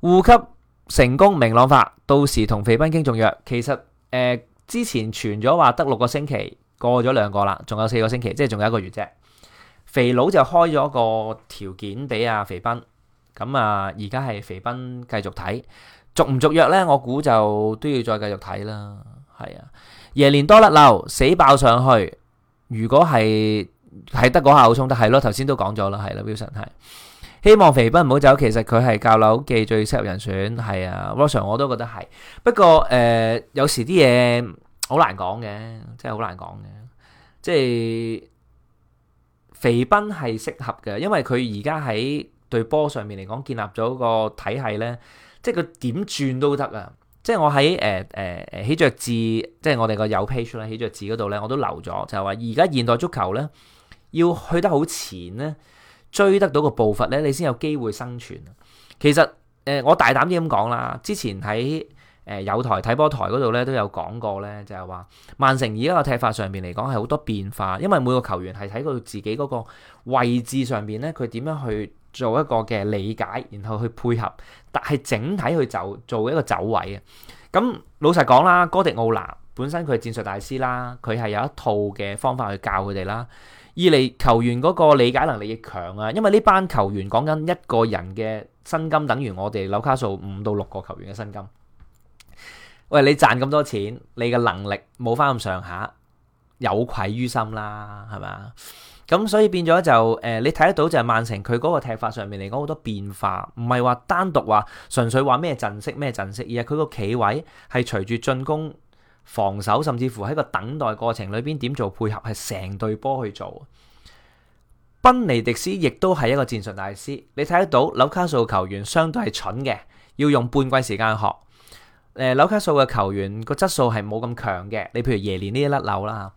護級。成功明朗化，到時同肥斌傾續約。其實誒、呃，之前傳咗話得六個星期，過咗兩個啦，仲有四個星期，即係仲有一個月啫。肥佬就開咗個條件俾阿肥斌，咁啊，而家係肥斌繼續睇，續唔續約呢？我估就都要再繼續睇啦。係啊，耶連多甩漏死爆上去，如果係係得下好，沖、啊，得係咯。頭先都講咗啦，係啦，Wilson 係、啊。希望肥斌唔好走，其實佢係教樓嘅最適合人選，係啊 Russell 我都覺得係。不過誒、呃，有時啲嘢好難講嘅，即係好難講嘅。即係肥斌係適合嘅，因為佢而家喺對波上面嚟講建立咗個體系咧，即係佢點轉都得啊！即係我喺誒誒誒喜鵲誌，即係我哋個有 page 咧，喜鵲誌嗰度咧，我都留咗，就係話而家現代足球咧，要去得好前咧。追得到個步伐咧，你先有機會生存。其實，誒、呃，我大膽啲咁講啦，之前喺誒友台睇波台嗰度咧都有講過咧，就係話曼城而家個踢法上邊嚟講係好多變化，因為每個球員係睇佢自己嗰個位置上邊咧，佢點樣去做一個嘅理解，然後去配合，但係整體去走做一個走位啊。咁老實講啦，哥迪奧拿本身佢係戰術大師啦，佢係有一套嘅方法去教佢哋啦。二嚟球員嗰個理解能力亦強啊，因為呢班球員講緊一個人嘅薪金等於我哋紐卡素五到六個球員嘅薪金。喂，你賺咁多錢，你嘅能力冇翻咁上下，有愧於心啦，係咪啊？咁所以變咗就誒、呃，你睇得到就係曼城佢嗰個踢法上面嚟講好多變化，唔係話單獨話純粹話咩陣式咩陣式，而係佢個企位係隨住進攻。防守甚至乎喺個等待過程裏邊點做配合，係成隊波去做。賓尼迪斯亦都係一個戰術大師，你睇得到紐卡素球員相對係蠢嘅，要用半季時間學。誒、呃，紐卡素嘅球員個質素係冇咁強嘅。你譬如耶連呢一粒紐啦，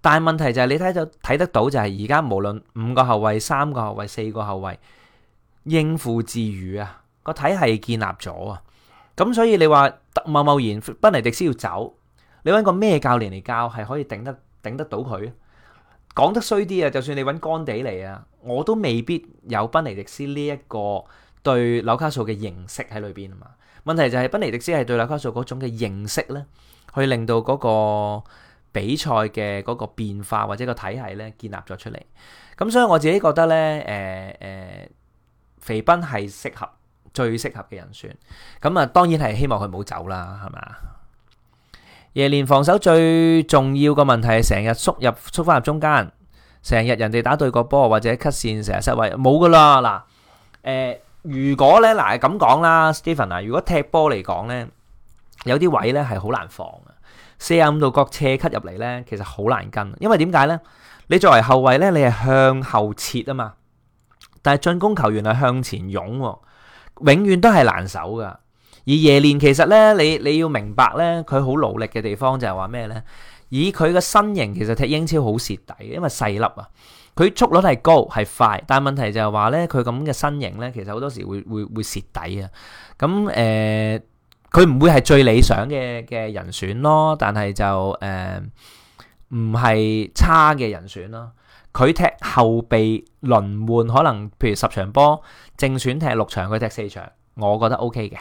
但係問題就係、是、你睇到睇得到就係而家無論五個後衛、三個後衛、四個後衛應付自如啊，個體系建立咗啊。咁所以你話貿貿然賓尼迪斯要走？你揾個咩教練嚟教，係可以頂得頂得到佢？講得衰啲啊，就算你揾干地嚟啊，我都未必有賓尼迪斯呢一個對紐卡素嘅認識喺裏邊啊嘛。問題就係賓尼迪斯係對紐卡素嗰種嘅認識咧，去令到嗰個比賽嘅嗰個變化或者個體系咧建立咗出嚟。咁所以我自己覺得咧，誒、呃、誒、呃，肥斌係適合最適合嘅人選。咁啊，當然係希望佢冇走啦，係咪？耶連防守最重要個問題係成日縮入縮翻入中間，成日人哋打對角波或者 cut 線，成日失位，冇噶啦嗱。誒，如果咧嗱咁講啦，Stephen 嗱，如果踢波嚟，講咧，有啲位咧係好難防啊。四十五度角斜 cut 入嚟咧，其實好難跟，因為點解咧？你作為後衛咧，你係向後切啊嘛，但係進攻球員係向前湧，永遠都係難守噶。而夜練其實咧，你你要明白咧，佢好努力嘅地方就係話咩咧？以佢個身形，其實踢英超好蝕底，因為細粒啊。佢速率係高係快，但係問題就係話咧，佢咁嘅身形咧，其實好多時會會會蝕底啊。咁誒，佢、呃、唔會係最理想嘅嘅人選咯，但係就誒唔係差嘅人選咯。佢踢後備輪換，可能譬如十場波正選踢六場，佢踢四場，我覺得 OK 嘅。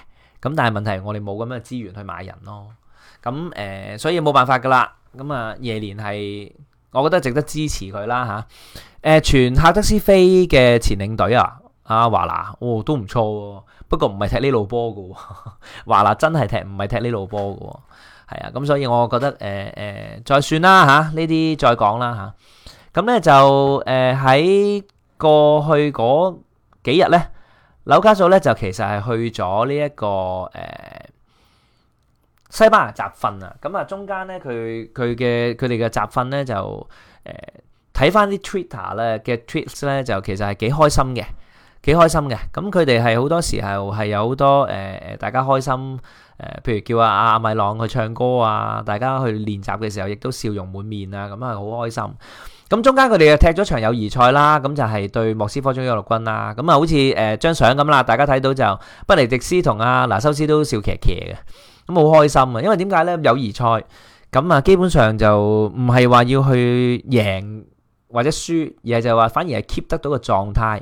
咁但係問題係我哋冇咁嘅資源去買人咯，咁誒、呃，所以冇辦法噶啦。咁啊，夜聯係，我覺得值得支持佢啦吓。誒、啊，全哈德斯菲嘅前領隊啊，阿華拿，哦都唔錯，不過唔係踢呢路波噶，華拿真係踢唔係踢呢路波噶，係啊。咁、 啊啊、所以我覺得誒誒、呃呃，再算啦吓，啊啦啊、呢啲再講啦吓。咁咧就誒喺、呃、過去嗰幾日咧。紐加索咧就其實係去咗呢一個誒、呃、西班牙集訓啊，咁、嗯、啊中間咧佢佢嘅佢哋嘅集訓咧就誒睇、呃、翻啲 Twitter 咧嘅 tweets 咧就其實係幾開心嘅，幾開心嘅。咁佢哋係好多時係係有好多誒、呃、大家開心誒，譬、呃、如叫啊阿米朗去唱歌啊，大家去練習嘅時候亦都笑容滿面啊，咁啊好開心。咁中間佢哋又踢咗場友誼賽啦，咁就係對莫斯科中央陸軍啦。咁啊，好似誒張相咁啦，大家睇到就布尼迪斯同阿拿修斯都笑騎騎嘅，咁好開心啊！因為點解呢？友誼賽咁啊，基本上就唔係話要去贏或者輸，而係就話反而係 keep 得到個狀態。誒、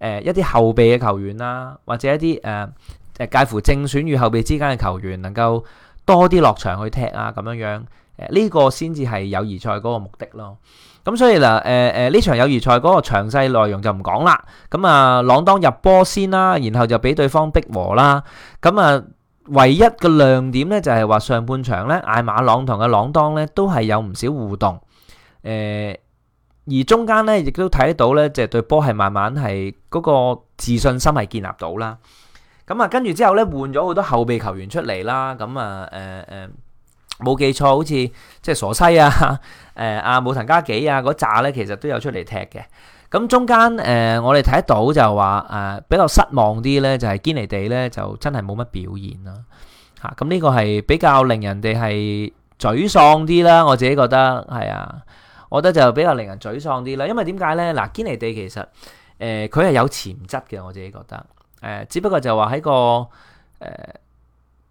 呃，一啲後備嘅球員啦，或者一啲誒、呃、介乎正選與後備之間嘅球員，能夠多啲落場去踢啊，咁樣樣。誒呢個先至係友誼賽嗰個目的咯，咁所以嗱誒誒呢場友誼賽嗰個詳細內容就唔講啦，咁啊朗當入波先啦，然後就俾對方逼和啦，咁啊唯一個亮點咧就係話上半場咧艾馬朗同嘅朗當咧都係有唔少互動，誒而中間咧亦都睇到咧就係對波係慢慢係嗰個自信心係建立到啦，咁啊跟住之後咧換咗好多後備球員出嚟啦，咁啊誒誒。冇記錯，好似即係傻西啊，誒、嗯、阿、啊、武藤嘉紀啊，嗰紮咧其實都有出嚟踢嘅。咁中間誒、呃，我哋睇得到就話誒、呃、比較失望啲咧，就係堅尼地咧就真係冇乜表現啦。嚇、啊，咁、嗯、呢、這個係比較令人哋係沮喪啲啦。我自己覺得係啊，我覺得就比較令人沮喪啲啦。因為點解咧？嗱，堅尼地其實誒佢係有潛質嘅，我自己覺得誒、呃，只不過就話喺個誒。呃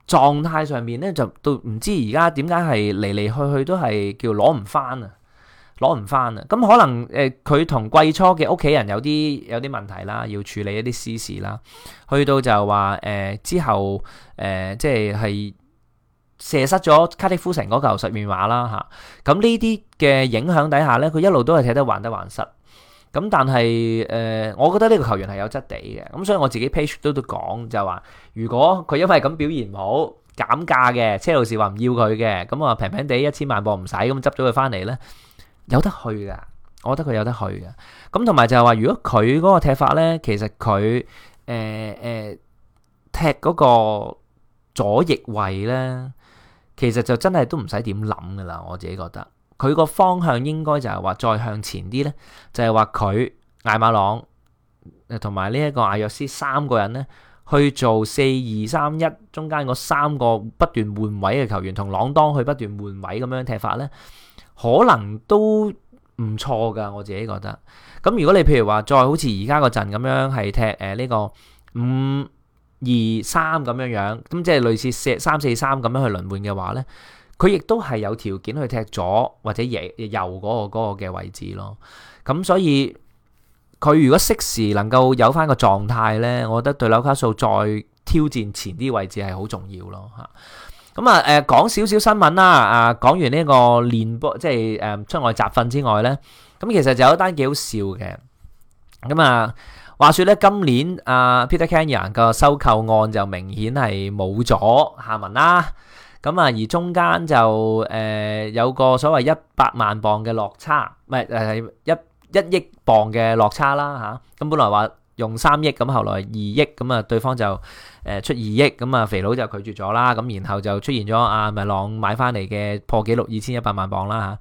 狀態上面咧就到唔知而家點解係嚟嚟去去都係叫攞唔返啊，攞唔返啊！咁、嗯、可能誒佢同季初嘅屋企人有啲有啲問題啦，要處理一啲私事啦，去到就話誒、呃、之後誒、呃、即係係射失咗卡迪夫城嗰球十面話啦嚇，咁呢啲嘅影響底下咧，佢一路都係踢得患得患失。咁但係，誒、呃，我覺得呢個球員係有質地嘅，咁、嗯、所以我自己 page 都都講就話、是，如果佢因為咁表現唔好減價嘅，車路士話唔要佢嘅，咁啊平平地一千萬磅唔使咁執咗佢返嚟咧，有得去嘅，我覺得佢有得去嘅。咁同埋就係話，如果佢嗰個踢法咧，其實佢誒誒踢嗰個左翼位咧，其實就真係都唔使點諗噶啦，我自己覺得。佢個方向應該就係話再向前啲咧，就係話佢艾馬朗同埋呢一個艾約斯三個人咧去做四二三一中間嗰三個不斷換位嘅球員，同朗當去不斷換位咁樣踢法咧，可能都唔錯噶。我自己覺得。咁如果你譬如話再好似而家個陣咁樣係踢誒呢個五二三咁樣樣，咁、呃這個、即係類似四三四三咁樣去輪換嘅話咧。佢亦都係有條件去踢左或者野右嗰個嗰個嘅位置咯，咁所以佢如果適時能夠有翻個狀態咧，我覺得對紐卡素再挑戰前啲位置係好重要咯嚇、啊。咁啊誒講少少新聞啦，啊講完呢個練波即係誒、呃、出外集訓之外咧，咁其實就有一單幾好笑嘅。咁啊，話說咧今年阿、啊、Peter Kenyon 個收購案就明顯係冇咗下文啦。咁啊，而中間就誒、呃、有個所謂一百萬鎊嘅落差，唔係誒一一億鎊嘅落差啦嚇。咁、啊、本來話用三億，咁後來二億，咁、嗯、啊對方就誒、呃、出二億，咁、嗯、啊肥佬就拒絕咗啦。咁、啊、然後就出現咗阿米朗買返嚟嘅破紀錄二千一百萬鎊啦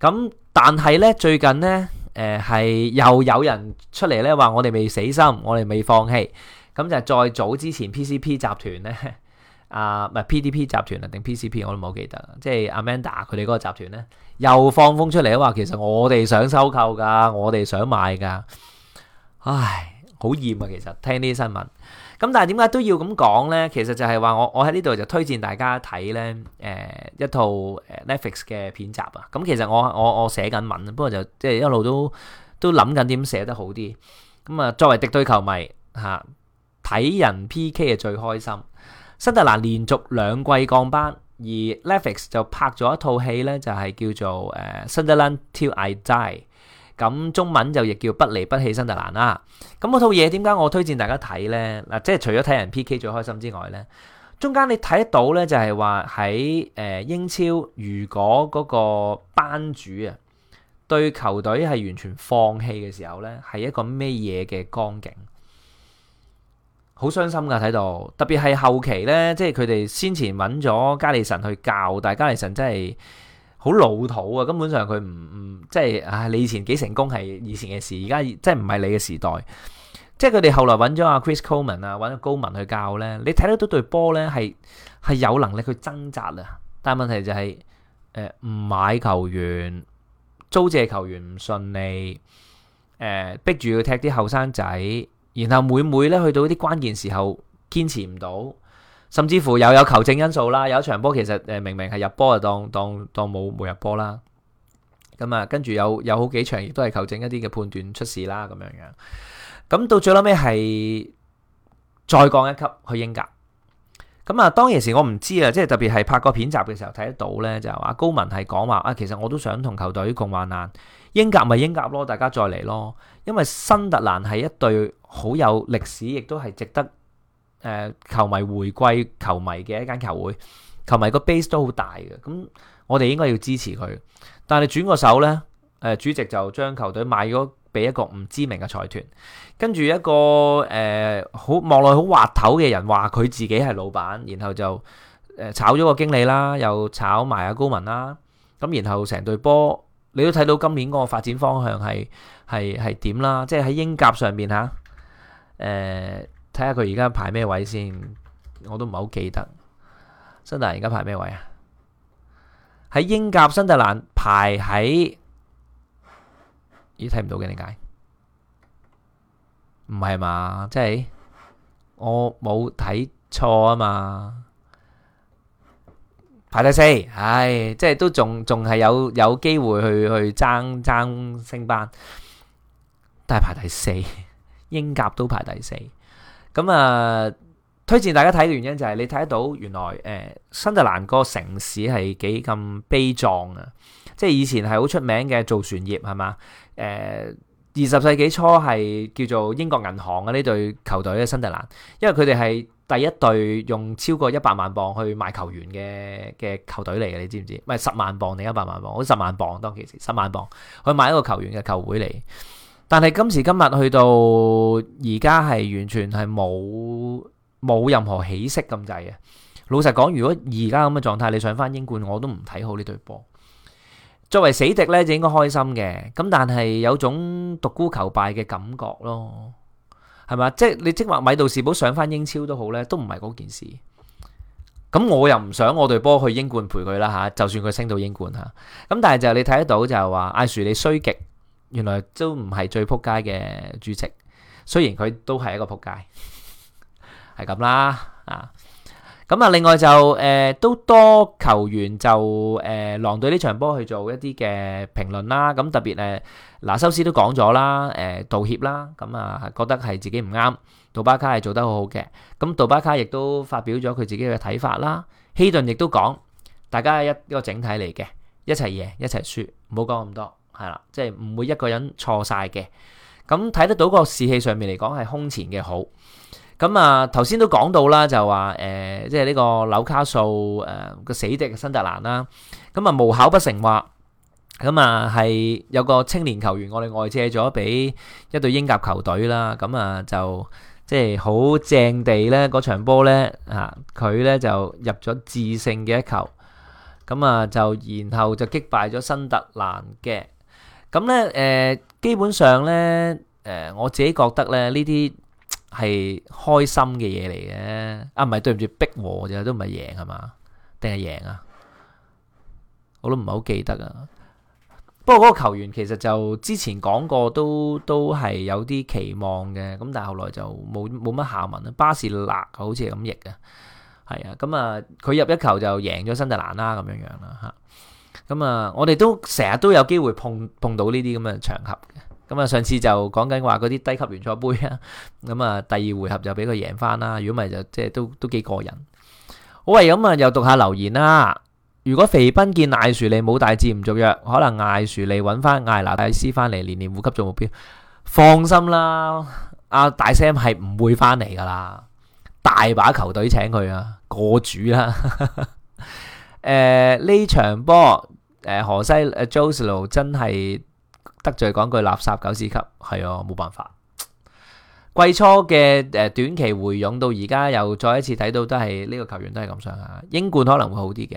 嚇。咁、啊啊、但係咧最近咧誒係又有人出嚟咧話我哋未死心，我哋未放棄。咁就係再早之前 PCP 集團咧。 啊，唔係 PDP 集團啊，定 PCP 我都冇記得，即係 Amanda 佢哋嗰個集團咧又放風出嚟，都話其實我哋想收購㗎，我哋想買㗎，唉，好厭啊！其實聽呢啲新聞，咁但係點解都要咁講咧？其實就係話我我喺呢度就推薦大家睇咧，誒一套誒 Netflix 嘅片集啊。咁其實我我我寫緊文，不過就即係一路都都諗緊點寫得好啲。咁啊，作為敵對球迷嚇睇人 PK 係最開心。新特蘭連續兩季降班，而 Netflix 就拍咗一套戲咧，就係、是、叫做《誒 Sunderland Till I Die》，咁中文就亦叫《不離不棄新特蘭》啦。咁嗰套嘢點解我推薦大家睇咧？嗱、啊，即係除咗睇人 PK 最開心之外咧，中間你睇到咧就係話喺誒英超，如果嗰個班主啊對球隊係完全放棄嘅時候咧，係一個咩嘢嘅光景？好傷心噶，睇到特別係後期咧，即係佢哋先前揾咗加利神去教，但係加利神真係好老土啊！根本上佢唔唔即係啊、哎，你以前幾成功係以前嘅事，而家即係唔係你嘅時代。即係佢哋後來揾咗阿 Chris Coleman 啊，揾咗高文去教咧。你睇得到對波咧係係有能力去掙扎啊。但係問題就係誒唔買球員，租借球員唔順利，誒逼住要踢啲後生仔。然後每每咧去到啲關鍵時候堅持唔到，甚至乎又有球證因素啦。有一場波其實誒、呃、明明係入波，就當當當冇冇入波啦。咁、嗯、啊，跟住有有好幾場亦都係球證一啲嘅判斷出事啦，咁樣樣。咁、嗯、到最後尾係再降一級去英格。咁、嗯、啊，當其時我唔知啊，即係特別係拍個片集嘅時候睇得到咧，就阿高文係講話啊，其實我都想同球隊共患難。英甲咪英甲咯，大家再嚟咯。因為新特蘭係一隊好有歷史，亦都係值得誒、呃、球迷回歸球迷嘅一間球會，球迷個 base 都好大嘅。咁我哋應該要支持佢。但係轉個手呢，誒、呃、主席就將球隊賣咗俾一個唔知名嘅財團，跟住一個誒好望落好滑頭嘅人話佢自己係老闆，然後就誒、呃、炒咗個經理啦，又炒埋阿、啊、高文啦。咁然後成隊波。你都睇到今年嗰個發展方向係係係點啦？即係喺英甲上面。嚇、啊，誒睇下佢而家排咩位先？我都唔係好記得，新特蘭而家排咩位啊？喺英甲，新特蘭排喺，咦？睇唔到嘅，點解？唔係嘛？即係我冇睇錯啊嘛？排第四，唉、哎，即係都仲仲係有有機會去去爭爭升班，但係排第四，英甲都排第四。咁啊、呃，推薦大家睇嘅原因就係你睇得到原來誒、呃，新特蘭個城市係幾咁悲壯啊！即係以前係好出名嘅造船業係嘛，誒，二、呃、十世紀初係叫做英國銀行嘅呢隊球隊嘅新特蘭，因為佢哋係。第一隊用超過一百萬磅去買球員嘅嘅球隊嚟嘅，你知唔知？唔係十萬磅定一百萬磅？好似十萬磅當其時，十萬磅去買一個球員嘅球會嚟。但係今時今日去到而家係完全係冇冇任何起色咁滯嘅。老實講，如果而家咁嘅狀態，你上返英冠我都唔睇好呢隊波。作為死敵呢，就應該開心嘅。咁但係有種獨孤求敗嘅感覺咯。係嘛？即係你即話米杜士堡上翻英超都好咧，都唔係嗰件事。咁我又唔想我隊波去英冠陪佢啦吓，就算佢升到英冠吓。咁、啊、但係就你睇得到就話，艾殊你衰極，原來都唔係最扑街嘅主席。雖然佢都係一個扑街，係咁 啦啊。咁啊，另外就誒、呃、都多球員就誒、呃、狼隊呢場波去做一啲嘅評論啦。咁特別誒，嗱、呃、修斯都講咗啦，誒、呃、道歉啦。咁、嗯、啊，覺得係自己唔啱。杜巴卡係做得好好嘅。咁、嗯、杜巴卡亦都發表咗佢自己嘅睇法啦。希頓亦都講，大家係一個整體嚟嘅，一齊贏一齊輸，唔好講咁多，係啦，即係唔會一個人錯晒嘅。咁、嗯、睇得到個士氣上面嚟講係空前嘅好。咁啊，頭先都講到啦，就話誒，即係呢個紐卡素誒個死敵嘅新特蘭啦。咁啊，無巧不成話。咁啊，係有個青年球員，我哋外借咗俾一隊英甲球隊啦。咁啊，就即係好正地咧，嗰場波咧啊，佢咧就入咗致勝嘅一球。咁啊，就然後就擊敗咗新特蘭嘅。咁咧，誒，基本上咧，誒，我自己覺得咧，呢啲。係開心嘅嘢嚟嘅，啊唔係對唔住逼我就都唔係贏係嘛？定係贏啊？我都唔係好記得啊。不過嗰個球員其實就之前講過都，都都係有啲期望嘅。咁但係後來就冇冇乜下文啦。巴士勒好似係咁譯嘅，係啊。咁、嗯、啊，佢入一球就贏咗新特蘭啦，咁樣樣啦吓。咁、嗯、啊，我哋都成日都有機會碰碰到呢啲咁嘅場合嘅。咁啊、嗯，上次就講緊話嗰啲低級聯賽杯啊，咁、嗯、啊、嗯、第二回合就俾佢贏翻啦。如果唔係就即係都都幾過癮好。好啊，咁、嗯、啊又讀下留言啦、啊。如果肥斌見艾殊利冇大志唔續約，可能艾殊利揾翻艾拿戴斯翻嚟連年護級做目標。放心啦，阿大 Sam 係唔會翻嚟噶啦。大把球隊請佢啊，過主啦。誒呢、呃、場波誒荷西誒 Joselu 真係。得罪講句垃圾狗屎級，係啊，冇辦法。季初嘅誒、呃、短期回勇到而家又再一次睇到都係呢、這個球員都係咁上下。英冠可能會好啲嘅，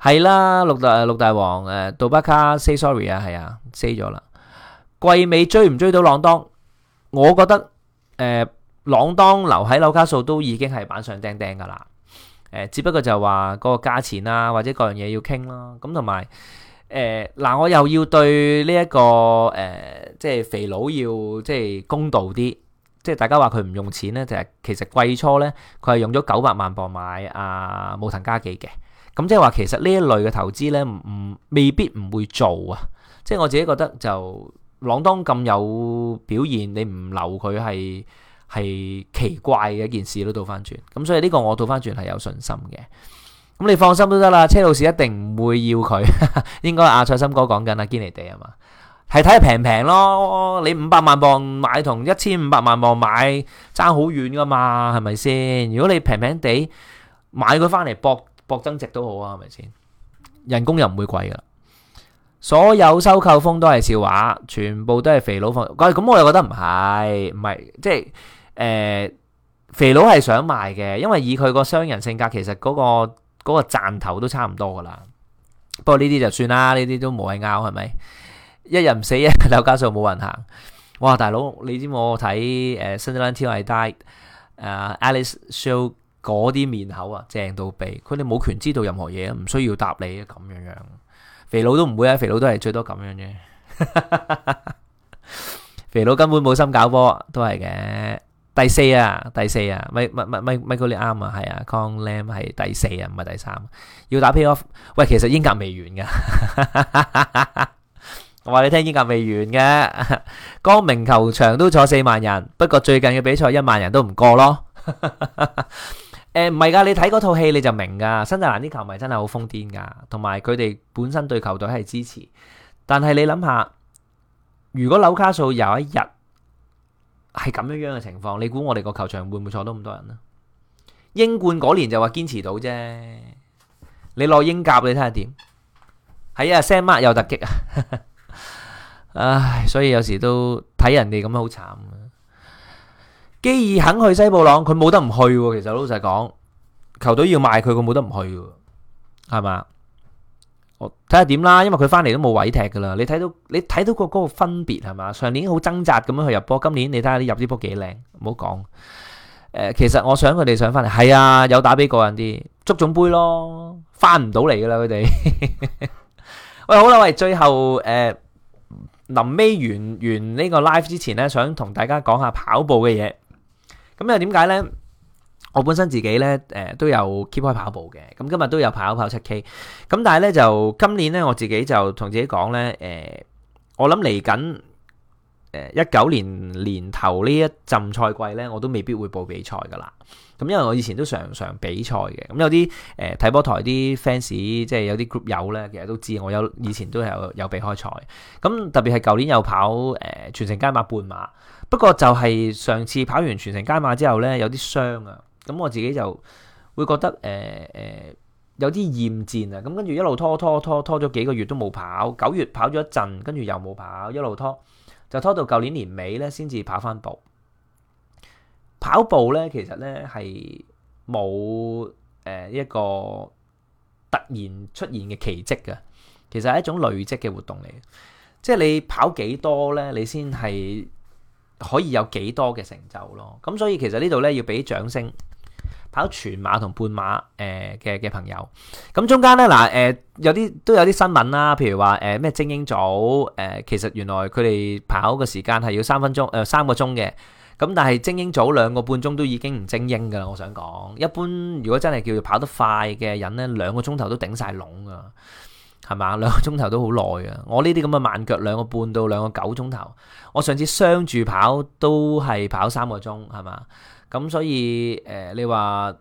係啦、啊。六大六、呃、大王誒、呃，杜北卡 say sorry 啊，係啊，say 咗啦。季尾追唔追到朗當？我覺得誒，朗、呃、當留喺紐卡素都已經係板上釘釘噶啦。誒、呃，只不過就係話嗰個價錢啊，或者各樣嘢要傾咯、啊，咁同埋。誒，嗱、呃，我又要對呢、這、一個誒、呃，即係肥佬要即係公道啲，即係大家話佢唔用錢咧，就係其實季初咧，佢係用咗九百萬鎊買阿武藤嘉紀嘅，咁、啊、即係話其實呢一類嘅投資咧，唔未必唔會做啊，即係我自己覺得就朗當咁有表現，你唔留佢係係奇怪嘅一件事咯，倒翻轉，咁所以呢個我倒翻轉係有信心嘅。咁你放心都得啦，車路士一定唔會要佢， 應該阿蔡心哥講緊阿堅尼地係嘛？係睇下平平咯。你五百萬磅買同一千五百萬磅買，爭好遠噶嘛，係咪先？如果你平平地買佢翻嚟搏博增值都好啊，係咪先？人工又唔會貴噶啦，所有收購風都係笑話，全部都係肥佬風。咁我又覺得唔係，唔係即係誒、呃，肥佬係想賣嘅，因為以佢個商人性格，其實嗰、那個。嗰個站頭都差唔多噶啦，不過呢啲就算啦，呢啲都冇謂拗係咪？一日唔死，一樓嘉上冇人行。哇，大佬，你知我睇誒、呃《Shinola Till I Die》呃、Alice Show 嗰啲面口啊，正到痹，佢哋冇權知道任何嘢，唔需要答你啊，咁樣樣，肥佬都唔會啊，肥佬都係最多咁樣啫。 肥佬根本冇心搞波，都係嘅。第四啊，第四啊，咪咪咪咪，麥高啱啊，係啊，Conlam 係第四啊，唔係第三，啊。要打 P.Off，喂，其實英格未完噶， 我話你聽，英格未完嘅， 光明球場都坐四萬人，不過最近嘅比賽一萬人都唔過咯、 呃。誒，唔係㗎，你睇嗰套戲你就明㗎，新特蘭啲球迷真係好瘋癲㗎，同埋佢哋本身對球隊係支持，但係你諗下，如果紐卡素有一日，係咁樣樣嘅情況，你估我哋個球場會唔會坐到咁多人咧？英冠嗰年就話堅持到啫，你落英甲你睇下點？係啊，Sammy 又突擊啊！ 唉，所以有時都睇人哋咁樣好慘啊！基爾肯去西布朗，佢冇得唔去。其實老實講，球隊要賣佢，佢冇得唔去嘅，係嘛？睇下點啦，因為佢翻嚟都冇位踢噶啦。你睇到你睇到個嗰個分別係嘛？上年好掙扎咁樣去入波，今年你睇下你入啲波幾靚，唔好講。誒，其實我想佢哋想翻嚟，係啊，有打比個人啲，足總杯咯，翻唔到嚟噶啦佢哋。喂，好啦，喂，最後誒，臨尾完完呢個 live 之前咧，想同大家講下跑步嘅嘢。咁又點解咧？我本身自己咧，誒都有 keep 開跑步嘅，咁今日都有跑一跑七 K，咁但係咧就今年咧，我自己就同自己講咧，誒、呃、我諗嚟緊誒一九年年頭一賽呢一陣賽季咧，我都未必會報比賽㗎喇，咁因為我以前都常常比賽嘅，咁、嗯、有啲誒睇波台啲 fans，即係有啲 group 友咧，其實都知我有以前都有有比賽，咁、嗯、特別係舊年有跑誒、呃、全城街馬半馬，不過就係上次跑完全城街馬之後咧，有啲傷啊。咁我自己就會覺得誒誒、呃呃、有啲厭戰啊！咁跟住一路拖拖拖拖咗幾個月都冇跑，九月跑咗一陣，跟住又冇跑，一路拖就拖到舊年年尾咧，先至跑返步。跑步咧，其實咧係冇誒一個突然出現嘅奇蹟嘅，其實係一種累積嘅活動嚟嘅。即係你跑幾多咧，你先係可以有幾多嘅成就咯。咁所以其實呢度咧要俾掌聲。跑全馬同半馬誒嘅嘅朋友，咁、嗯、中間呢，嗱、呃、誒，有啲都有啲新聞啦，譬如話誒咩精英組誒、呃，其實原來佢哋跑嘅時間係要三分鐘誒、呃、三個鐘嘅，咁但係精英組兩個半鐘都已經唔精英噶啦。我想講，一般如果真係叫做跑得快嘅人呢，兩個鐘頭都頂晒籠噶，係嘛？兩個鐘頭都好耐啊！我呢啲咁嘅慢腳兩個半到兩個九鐘頭，我上次傷住跑都係跑三個鐘，係嘛？咁所以，誒，你話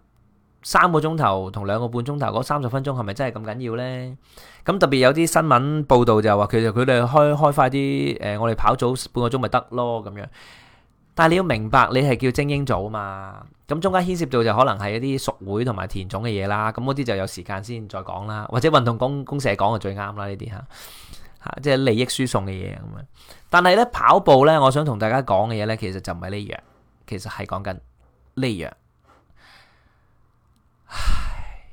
三個鐘頭同兩個半鐘頭嗰三十分鐘係咪真係咁緊要咧？咁特別有啲新聞報道就話，其實佢哋開開快啲，誒，我哋跑早半個鐘咪得咯咁樣。但係你要明白，你係叫精英組嘛？咁中間牽涉到就可能係一啲屬會同埋田總嘅嘢啦。咁嗰啲就有時間先再講啦，或者運動公公社講就最啱啦。呢啲嚇嚇，即係利益輸送嘅嘢咁樣。但係咧跑步咧，我想同大家講嘅嘢咧，其實就唔係呢樣，其實係講緊。呢樣，唉，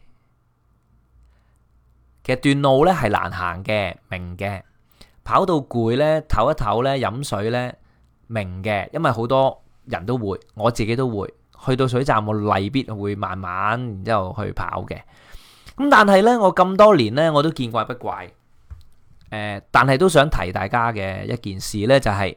其實段路咧係難行嘅。明嘅，跑到攰咧，唞一唞咧，飲水咧，明嘅。因為好多人都會，我自己都會，去到水站我例必會慢慢，然之後去跑嘅。咁但係咧，我咁多年咧，我都見怪不怪。誒，但係都想提大家嘅一件事咧、就是，就係。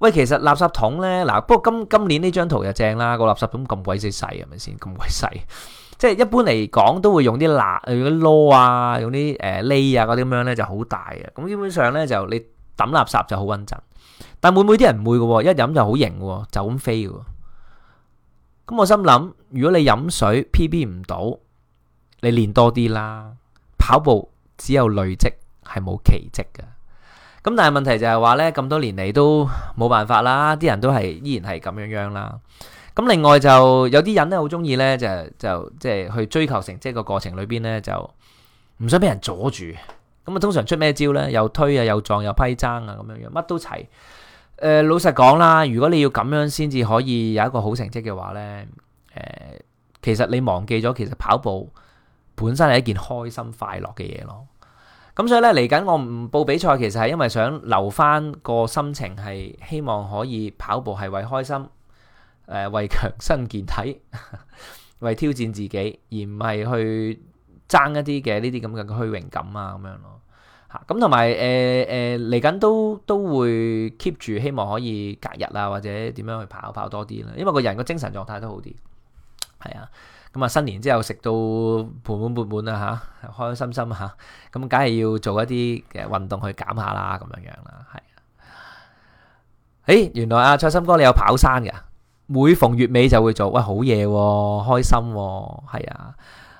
喂，其實垃圾桶呢，嗱，不過今今年呢張圖就正啦，個垃圾桶咁鬼死細，係咪先？咁鬼細，即係一般嚟講都會用啲用啲籮啊，用啲誒鋁啊嗰啲咁樣呢就好大嘅。咁基本上呢，就你抌垃圾就好穩陣，但每每啲人唔會嘅喎，一飲就好型喎，就咁飛嘅。咁我心諗，如果你飲水 PB 唔到，你練多啲啦，跑步只有累積係冇奇蹟嘅。咁但係問題就係話咧，咁多年嚟都冇辦法啦，啲人都係依然係咁樣樣啦。咁另外就有啲人咧，好中意咧就就即係去追求成績即係個過程裏邊咧，就唔想俾人阻住。咁啊，通常出咩招咧？又推啊，又撞，又批踭啊，咁樣樣乜都齊。誒、呃，老實講啦，如果你要咁樣先至可以有一個好成績嘅話咧，誒、呃，其實你忘記咗，其實跑步本身係一件開心快樂嘅嘢咯。咁所以呢嚟緊我唔報比賽，其實係因為想留翻個心情，係希望可以跑步係為開心，誒、呃、為強身健體， 為挑戰自己，而唔係去爭一啲嘅呢啲咁嘅虛榮感啊咁樣咯。吓，咁同埋誒誒嚟緊都都會 keep 住希望可以隔日啊或者點樣去跑跑多啲啦，因為個人個精神狀態都好啲。係啊。咁啊，新年之後食到盆滿缽滿啦嚇，開、啊、開心心嚇，咁梗係要做一啲嘅運動去減下啦咁樣樣啦，係、啊。誒、欸，原來阿、啊、蔡心哥你有跑山㗎，每逢月尾就會做，喂，好嘢喎、啊，開心喎，係啊，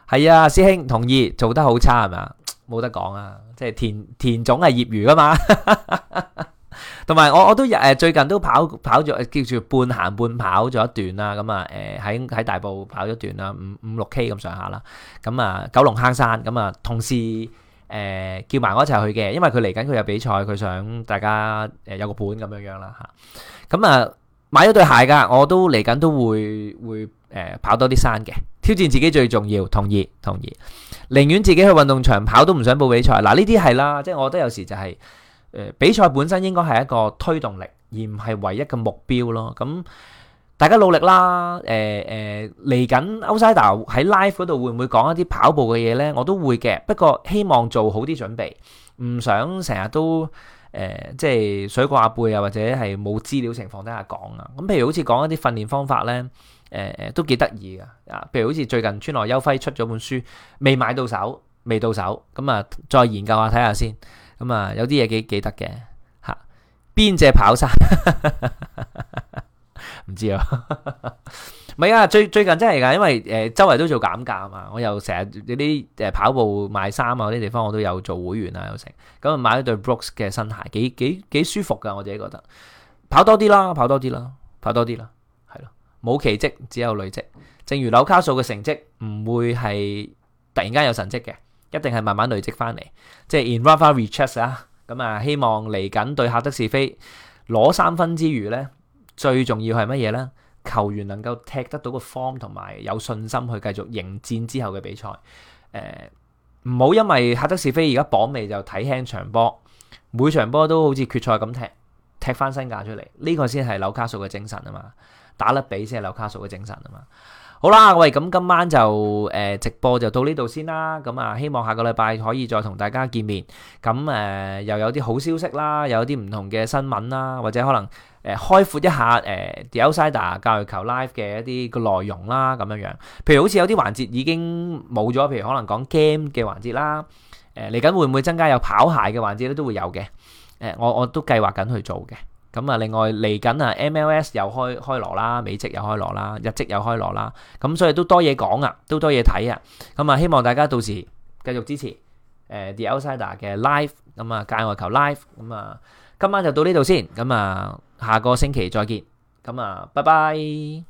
係啊，啊，師兄同意，做得好差係咪冇得講啊，即係田田總係業餘噶嘛。 同埋我我都日誒、呃、最近都跑跑咗叫做半行半跑咗一段啦，咁啊誒喺喺大埔跑咗一段啦，五五六 K 咁上下啦，咁、嗯、啊九龍坑山咁啊、嗯，同事誒、呃、叫埋我一齊去嘅，因為佢嚟緊佢有比賽，佢想大家誒、呃、有個伴咁樣樣啦嚇，咁、嗯、啊、嗯、買咗對鞋噶，我都嚟緊都會會誒、呃、跑多啲山嘅，挑戰自己最重要，同意同意，寧願自己去運動場跑都唔想報比賽，嗱呢啲係啦，即係我覺得有時就係、是。呃、比賽本身應該係一個推動力，而唔係唯一嘅目標咯。咁、嗯、大家努力啦。誒、呃、誒，嚟緊 Outsider 喺 live 嗰度會唔會講一啲跑步嘅嘢呢？我都會嘅，不過希望做好啲準備，唔想成日都誒、呃、即係水過鴨背啊，或者係冇資料情況底下講啊。咁、嗯、譬如好似講一啲訓練方法呢，誒、呃、都幾得意噶。啊，譬如好似最近川內優輝出咗本書，未買到手，未到手，咁、嗯、啊再研究下睇下先。咁、嗯、啊，有啲嘢幾記得嘅吓，邊隻跑衫唔 知啊？唔係啊，最最近真係㗎，因為誒、呃、周圍都做減價啊嘛，我又成日嗰啲誒跑步買衫啊嗰啲地方，我都有做會員啊，有成咁、嗯、買咗對 Brooks 嘅新鞋，幾幾幾舒服噶，我自己覺得跑多啲啦，跑多啲啦，跑多啲啦，係咯，冇奇蹟，只有累積，正如紐卡素嘅成績，唔會係突然間有成績嘅。一定係慢慢累積翻嚟，即係 invaluable riches 啊！咁啊，希望嚟緊對客德是非攞三分之餘呢，最重要係乜嘢呢？球員能夠踢得到個 form 同埋有信心去繼續迎戰之後嘅比賽。誒、呃，唔好因為客德是非而家榜尾就睇輕場波，每場波都好似決賽咁踢，踢翻身價出嚟，呢、這個先係紐卡素嘅精神啊嘛！打甩比先係紐卡素嘅精神啊嘛！好啦，喂，咁今晚就誒、呃、直播就到呢度先啦。咁、嗯、啊，希望下個禮拜可以再同大家見面。咁、嗯、誒、呃、又有啲好消息啦，又有啲唔同嘅新聞啦，或者可能誒、呃、開闊一下誒 The Outsider 界外球 Live 嘅一啲個內容啦，咁樣樣。譬如好似有啲環節已經冇咗，譬如可能講 game 嘅環節啦，誒嚟緊會唔會增加有跑鞋嘅環節咧？都會有嘅。誒、呃，我我都計劃緊去做嘅。咁啊，另外嚟緊啊，MLS 又開開鑼啦，美職又開鑼啦，日職又開鑼啦，咁、嗯、所以都多嘢講啊，都多嘢睇啊，咁、嗯、啊，希望大家到時繼續支持誒、呃、The Outsider 嘅 live，咁、嗯、啊界外球 live，咁、嗯、啊今晚就到呢度先，咁、嗯、啊下個星期再見，咁、嗯、啊拜拜。